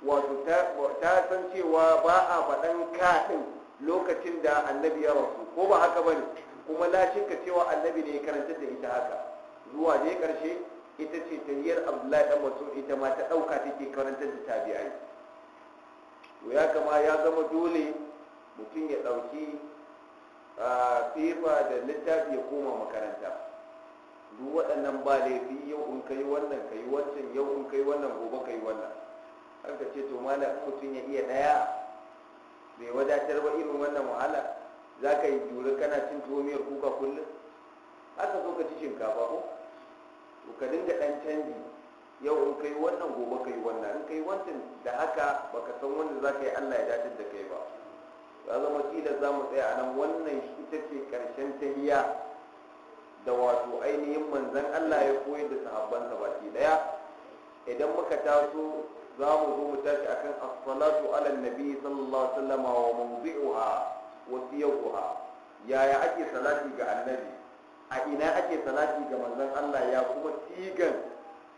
wato ta san cewa ba a faɗan ka lokacin da annabi ya rasu ko ba haka bane kuma la ka cewa annabi ne ya karanta da ita haka zuwa ne karshe ita ce tariyar Abdullahi dan Mas'ud ita ma ta ɗauka take karanta da tabi'ai to ya kama ya zama dole mutum ya ɗauki a ah, da littafi ya koma makaranta duk waɗannan ba laifi yau in kai wannan kai wancan yau in kai wannan gobe kai wannan har ka ce to malam mutum ya iya ɗaya bai wadatar ba irin wannan wahala za ka yi jure kana cin tuwo miyar kuka kullum ka zo ka ci shinkafa ko to ka dinga ɗan canji yau in kai wannan gobe kai wannan in kai wancan da haka baka san wanda za ka yi allah ya dace da kai ba ya zama tilas za mu tsaya a nan wannan ita ce ƙarshen tahiya da wato ainihin manzan Allah ya koyar da sahabbansa baki daya idan muka taso za mu zo mu tashi akan as-salatu ala nabi sallallahu alaihi wasallam wa mawdi'uha wa siyaqaha yaya ake salati ga annabi a ina ake salati ga manzan Allah ya kuma sigan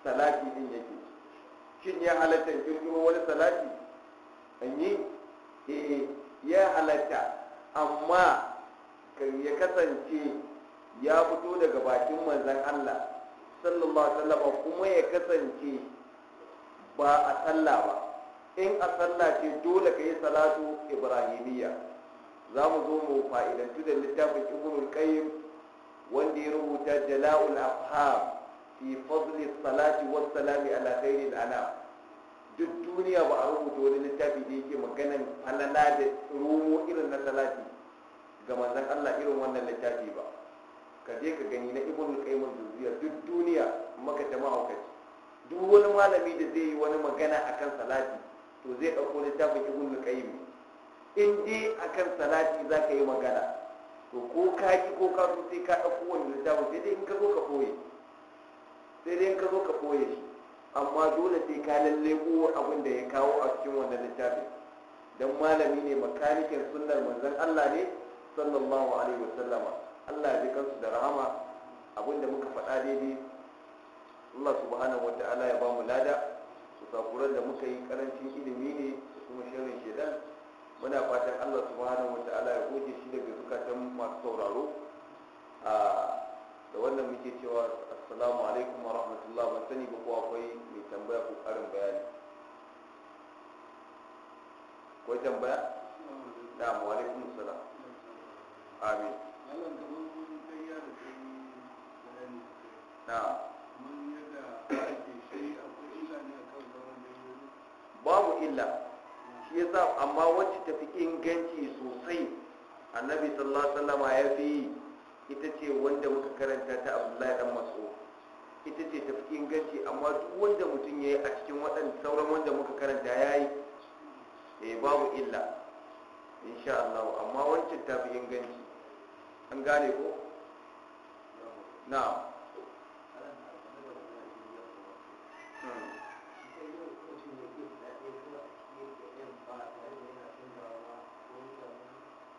salati din yake shin ya halatta kirkiro wani salati anyi? eh ya halatta amma ya kasance ya fito daga bakin manzan Allah sallallahu alaihi wasallam kuma ya kasance ba a sallah ba in a sallah ce dole ka yi salatu ibrahimiyya za mu zo mu fa'idantu da littafin ibnul qayyim wanda ya rubuta jala'ul afham fi fadli salati was salami ala khairil anam duk duniya ba a rubuta wani littafi da yake maganan falala da rumo irin na salati ga manzon Allah irin wannan littafi ba ka je ka gani na ibn qayyim juziyya duk duniya maka jama'a kace duk wani malami da zai yi wani magana akan salati to zai dauko littafin ibn qayyim in dai akan salati zaka yi magana to ko ka ki ko ka so sai ka dauko wani littafin sai dai in ka zo ka boye sai dai in ka zo ka shi amma dole sai ka lalle ko abin da ya kawo a cikin wannan littafin dan malami ne makanikin sunnar manzon Allah ne sallallahu alaihi wasallama allah ya ji kansu da rahama abinda muka faɗa daidai allah subhanahu wata'ala ya ba mu lada su sakuran da muka yi karancin ilimi ne da kuma shirin shedan muna fatan allah subhanahu wata'ala ya goge shi daga zukatan masu sauraro da wannan muke cewa assalamu alaikum wa rahmatullah ban sani ba ko akwai mai tambaya ko karin bayani ko tambaya da wa alaikum salam amin babu illa shi yasa amma wacce tafi inganci sosai annabi sallallahu alaihi wasallam ya fi ita ce wanda muka karanta ta abdullahi dan maso ita ce tafi inganci amma duk wanda mutum ya yi a cikin waɗanda sauran wanda muka karanta ya yi eh babu illa insha Allah amma wancan tafi inganci an gane ko na'am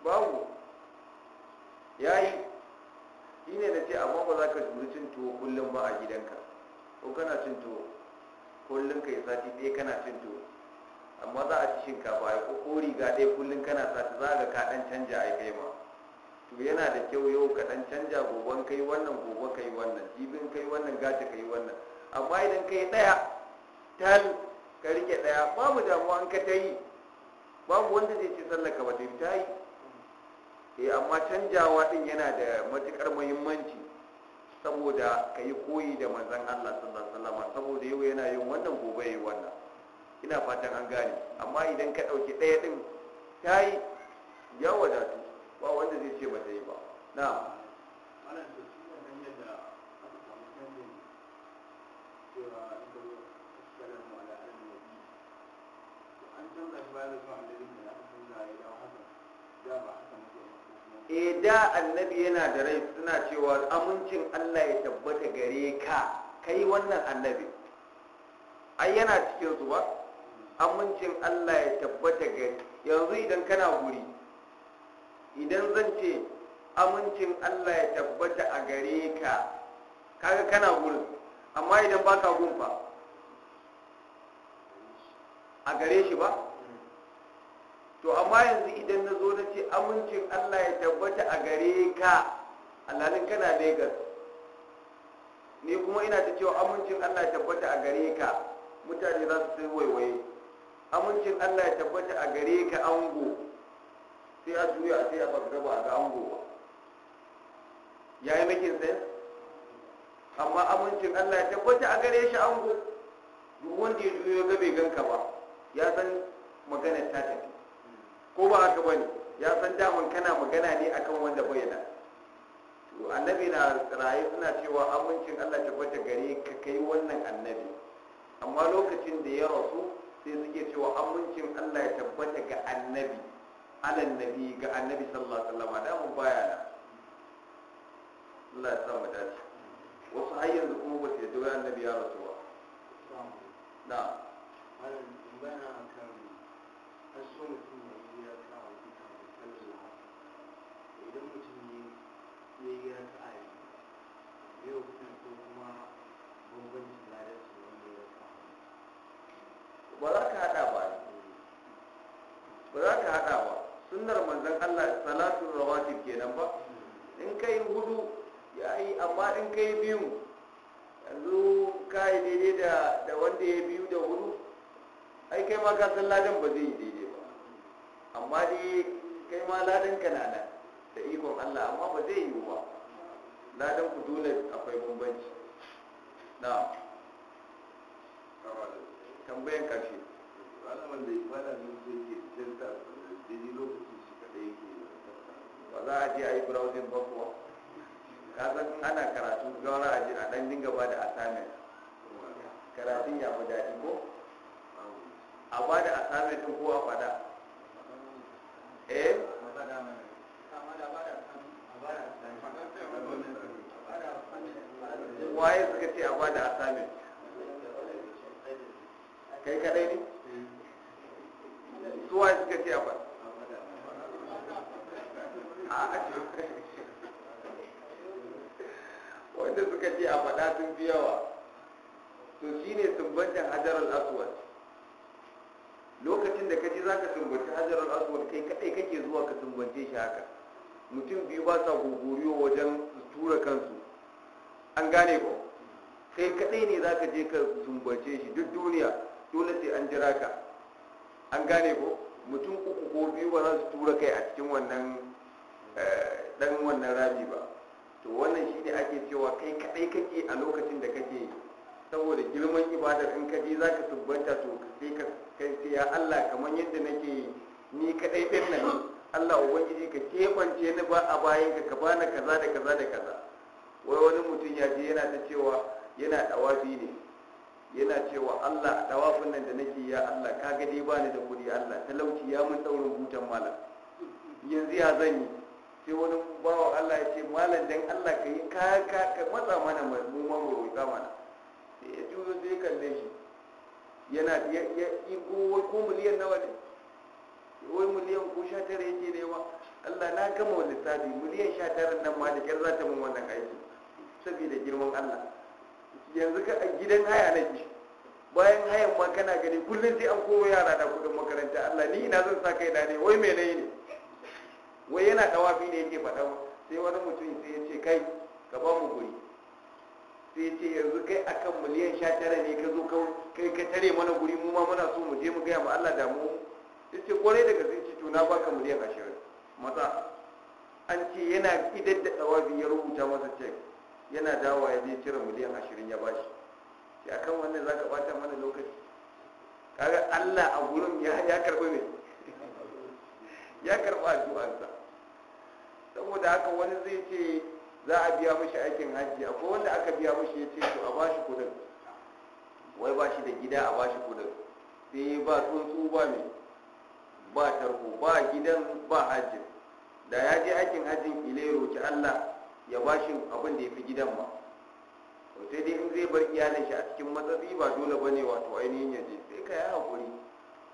babu ya yi shi ne na ce amma ba za ka juri cin tuwo kullum ba a gidanka ko kana cin tuwo kullum ka yi sati ɗaya kana cin tuwo amma za a ci shinkafa ya ko riga ɗaya kullum kana sati za ga ka ɗan canja a kai ma to yana da kyau yau ka ɗan canja goban kai wannan gobe kai wannan jibin kai wannan gata kai wannan amma idan ka yi ɗaya tal ka rike ɗaya babu damuwa an ka ta yi babu wanda zai ce sallaka ba ta yi ta yi eh amma canjawa din yana da matukar muhimmanci saboda ka yi koyi da manzan Allah sallallahu alaihi wasallam saboda yau yana yin wannan gobe yayi wannan ina fatan an gane amma idan ka dauki daya din tayi ya wadatu ba wanda zai ce bata yi ba na'am malam to shi wannan yadda aka to an canza shi bayan zuwa annabi da aka canza ya dawo haka da ba haka mutum e da annabi yana da rai suna cewa amincin Allah ya tabbata gare ka kai wannan annabi ai yana cikin su ba amincin Allah ya tabbata gare yanzu idan kana guri idan zan ce amincin Allah ya tabbata a gare ka kaga kana guri? amma idan baka gunfa a gare shi ba to amma yanzu idan na zo na ce amincin allah ya tabbata a gare ka alhalin kana lagos ni kuma ina ta cewa amincin allah ya tabbata a gare ka mutane za su sai waiwaye amincin allah ya tabbata a gare ka ango sai a juya sai a bagdaba a ga ango ba ya yi makin sai amma amincin allah ya tabbata a gare shi ango duk wanda ya juyo ga bai ganka ba ya san magana ta tafi ko ba haka bane ya san daman kana magana ne akan wanda bayyana to annabi na raye suna cewa amincin Allah tabbata gare ka kai wannan annabi amma lokacin da ya rasu sai suke cewa amincin Allah ya tabbata ga annabi alan nabi ga annabi sallallahu alaihi wasallam da mun baya na Allah ya sa mu dace wasu har yanzu kuma ba su yadda wai annabi ya rasu ba na malam kan asu idan mutum ne ya yi ya ta ayi yau kuma ko kuma bambancin ladar su wanda ya raka ba za ka haɗa ba ba za ka haɗa ba sunnar manzan Allah salatun rawatib kenan ba in kai hudu ya yi amma in kai biyu yanzu ka yi daidai da wanda ya biyu da hudu ai kai ma ka san ladan ba zai yi daidai ba amma dai kai ma ladan ka na nan da ikon Allah amma ba zai yiwu ba dan ku dole akwai bambanci na tambayan karshe alaman da ibada ne zai ke jinta daidai lokacin shi kadai yake ba za a je a browsing ba kuwa ka san ana karatu gawara a jin a dan dinga ba da assignment karatun ya fi daɗi ko a ba da assignment ko a fada eh waye suka ce a bada assignment kai kadai ne su waye suka ce a ce wanda suka ce a faɗa sun fi yawa to shi ne sumbantan hajarar aswad lokacin da kaji za ka sumbanci hajarar aswad kai kadai kake zuwa ka sumbance shi haka mutum biyu ba sa gogoriyo wajen tura kansu an gane ko kai kadai ne za ka je ka sumbace shi duk duniya dole sai an jira ka an gane ko mutum uku ko biyu ba za su tura kai a cikin wannan dan eh, wannan rami ba to wannan shi shine ake cewa kai kadai kake a lokacin da kake yi saboda girman ibadar in je za ka subbanta to sai ka kai sai ya Allah kamar yadda nake ni kadai din nan Allah ubangiji ka kebance ni ba a bayan ka ka bani kaza da kaza da kaza wai wani mutum ya je yana ta cewa yana dawafi ne yana cewa Allah dawafin nan da nake ya Allah ka ga dai bani da kuɗi Allah talauci ya mun tsaurin hutan malam yanzu ya zan yi sai wani bawa Allah ya ce malam dan Allah ka yi ka ka matsa mana mu ma mu roƙa mana sai ya juyo sai kalle shi yana ya ko ko miliyan nawa ne wai miliyan ko sha tara yake nema Allah na gama lissafi miliyan sha tara nan ma da kyar za ta mun wannan girman Allah yanzu ka a gidan haya na nake bayan hayan ma kana gani kullum sai an kowa yara da kudin makaranta Allah ni ina zan sa kai da ne wai menene ne wai yana tawafi ne yake faɗa sai wani mutum sai ya ce kai ka ba mu guri sai ce yanzu kai akan miliyan sha tara ne ka zo kai ka tare mana guri mu ma muna so mu je mu gaya ma Allah damu sai ce kwarai da gaske ce to na baka miliyan ashirin maza an ce yana idan da tawafi ya rubuta masa cek yana dawa ya je cire miliyan ashirin ya bashi shi a kan wannan za ka bata mana lokaci kaga allah a gurin ya karɓi ne [laughs] ya a addu'arsa saboda haka wani zai ce za a biya mashi aikin hajji akwai wanda aka biya mashi ya ce to a bashi kudin wai ba shi da gida a bashi kudin sai ba tsuntsu ba mai ba tarko ba gidan ba hajji. da ya je aikin hajjin ile roki allah ya ba shi abin da ya fi gidan ba to sai dai in zai bar iyalin shi a cikin matsatsi ba dole ba ne wato ainihin ya je sai ka yi haƙuri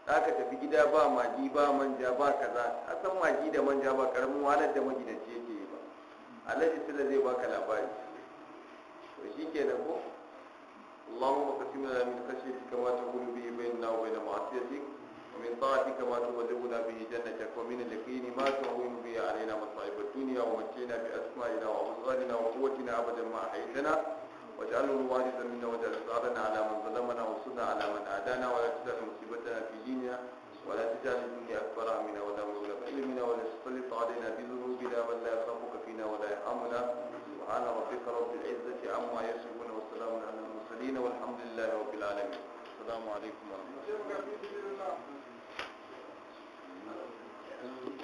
za ka tafi gida ba magi ba manja ba kaza a san magi da manja ba karamin wahalar da magidanci yake yi ba alhaji sila zai baka labari to shi kenan ko اللهم قسم لنا من خشيتك ما تقول به da masu yasik ومن طاعتك ما تبلغنا به جنتك ومن اليقين ما تهون به علينا مصائب الدنيا ومتعنا بأسمائنا وأبصارنا وقوتنا أبدا ما أحييتنا واجعله الوارث منا واجعل ثارنا على من ظلمنا وانصرنا على من عادانا ولا تجعل مصيبتنا في ديننا ولا تجعل الدنيا أكبر همنا ولا مبلغ علمنا ولا تسلط علينا بذنوبنا من لا يخافك فينا ولا يرحمنا سبحان ربك رب العزة عما يصفون وسلام على المرسلين والحمد لله رب العالمين السلام عليكم ورحمة الله um,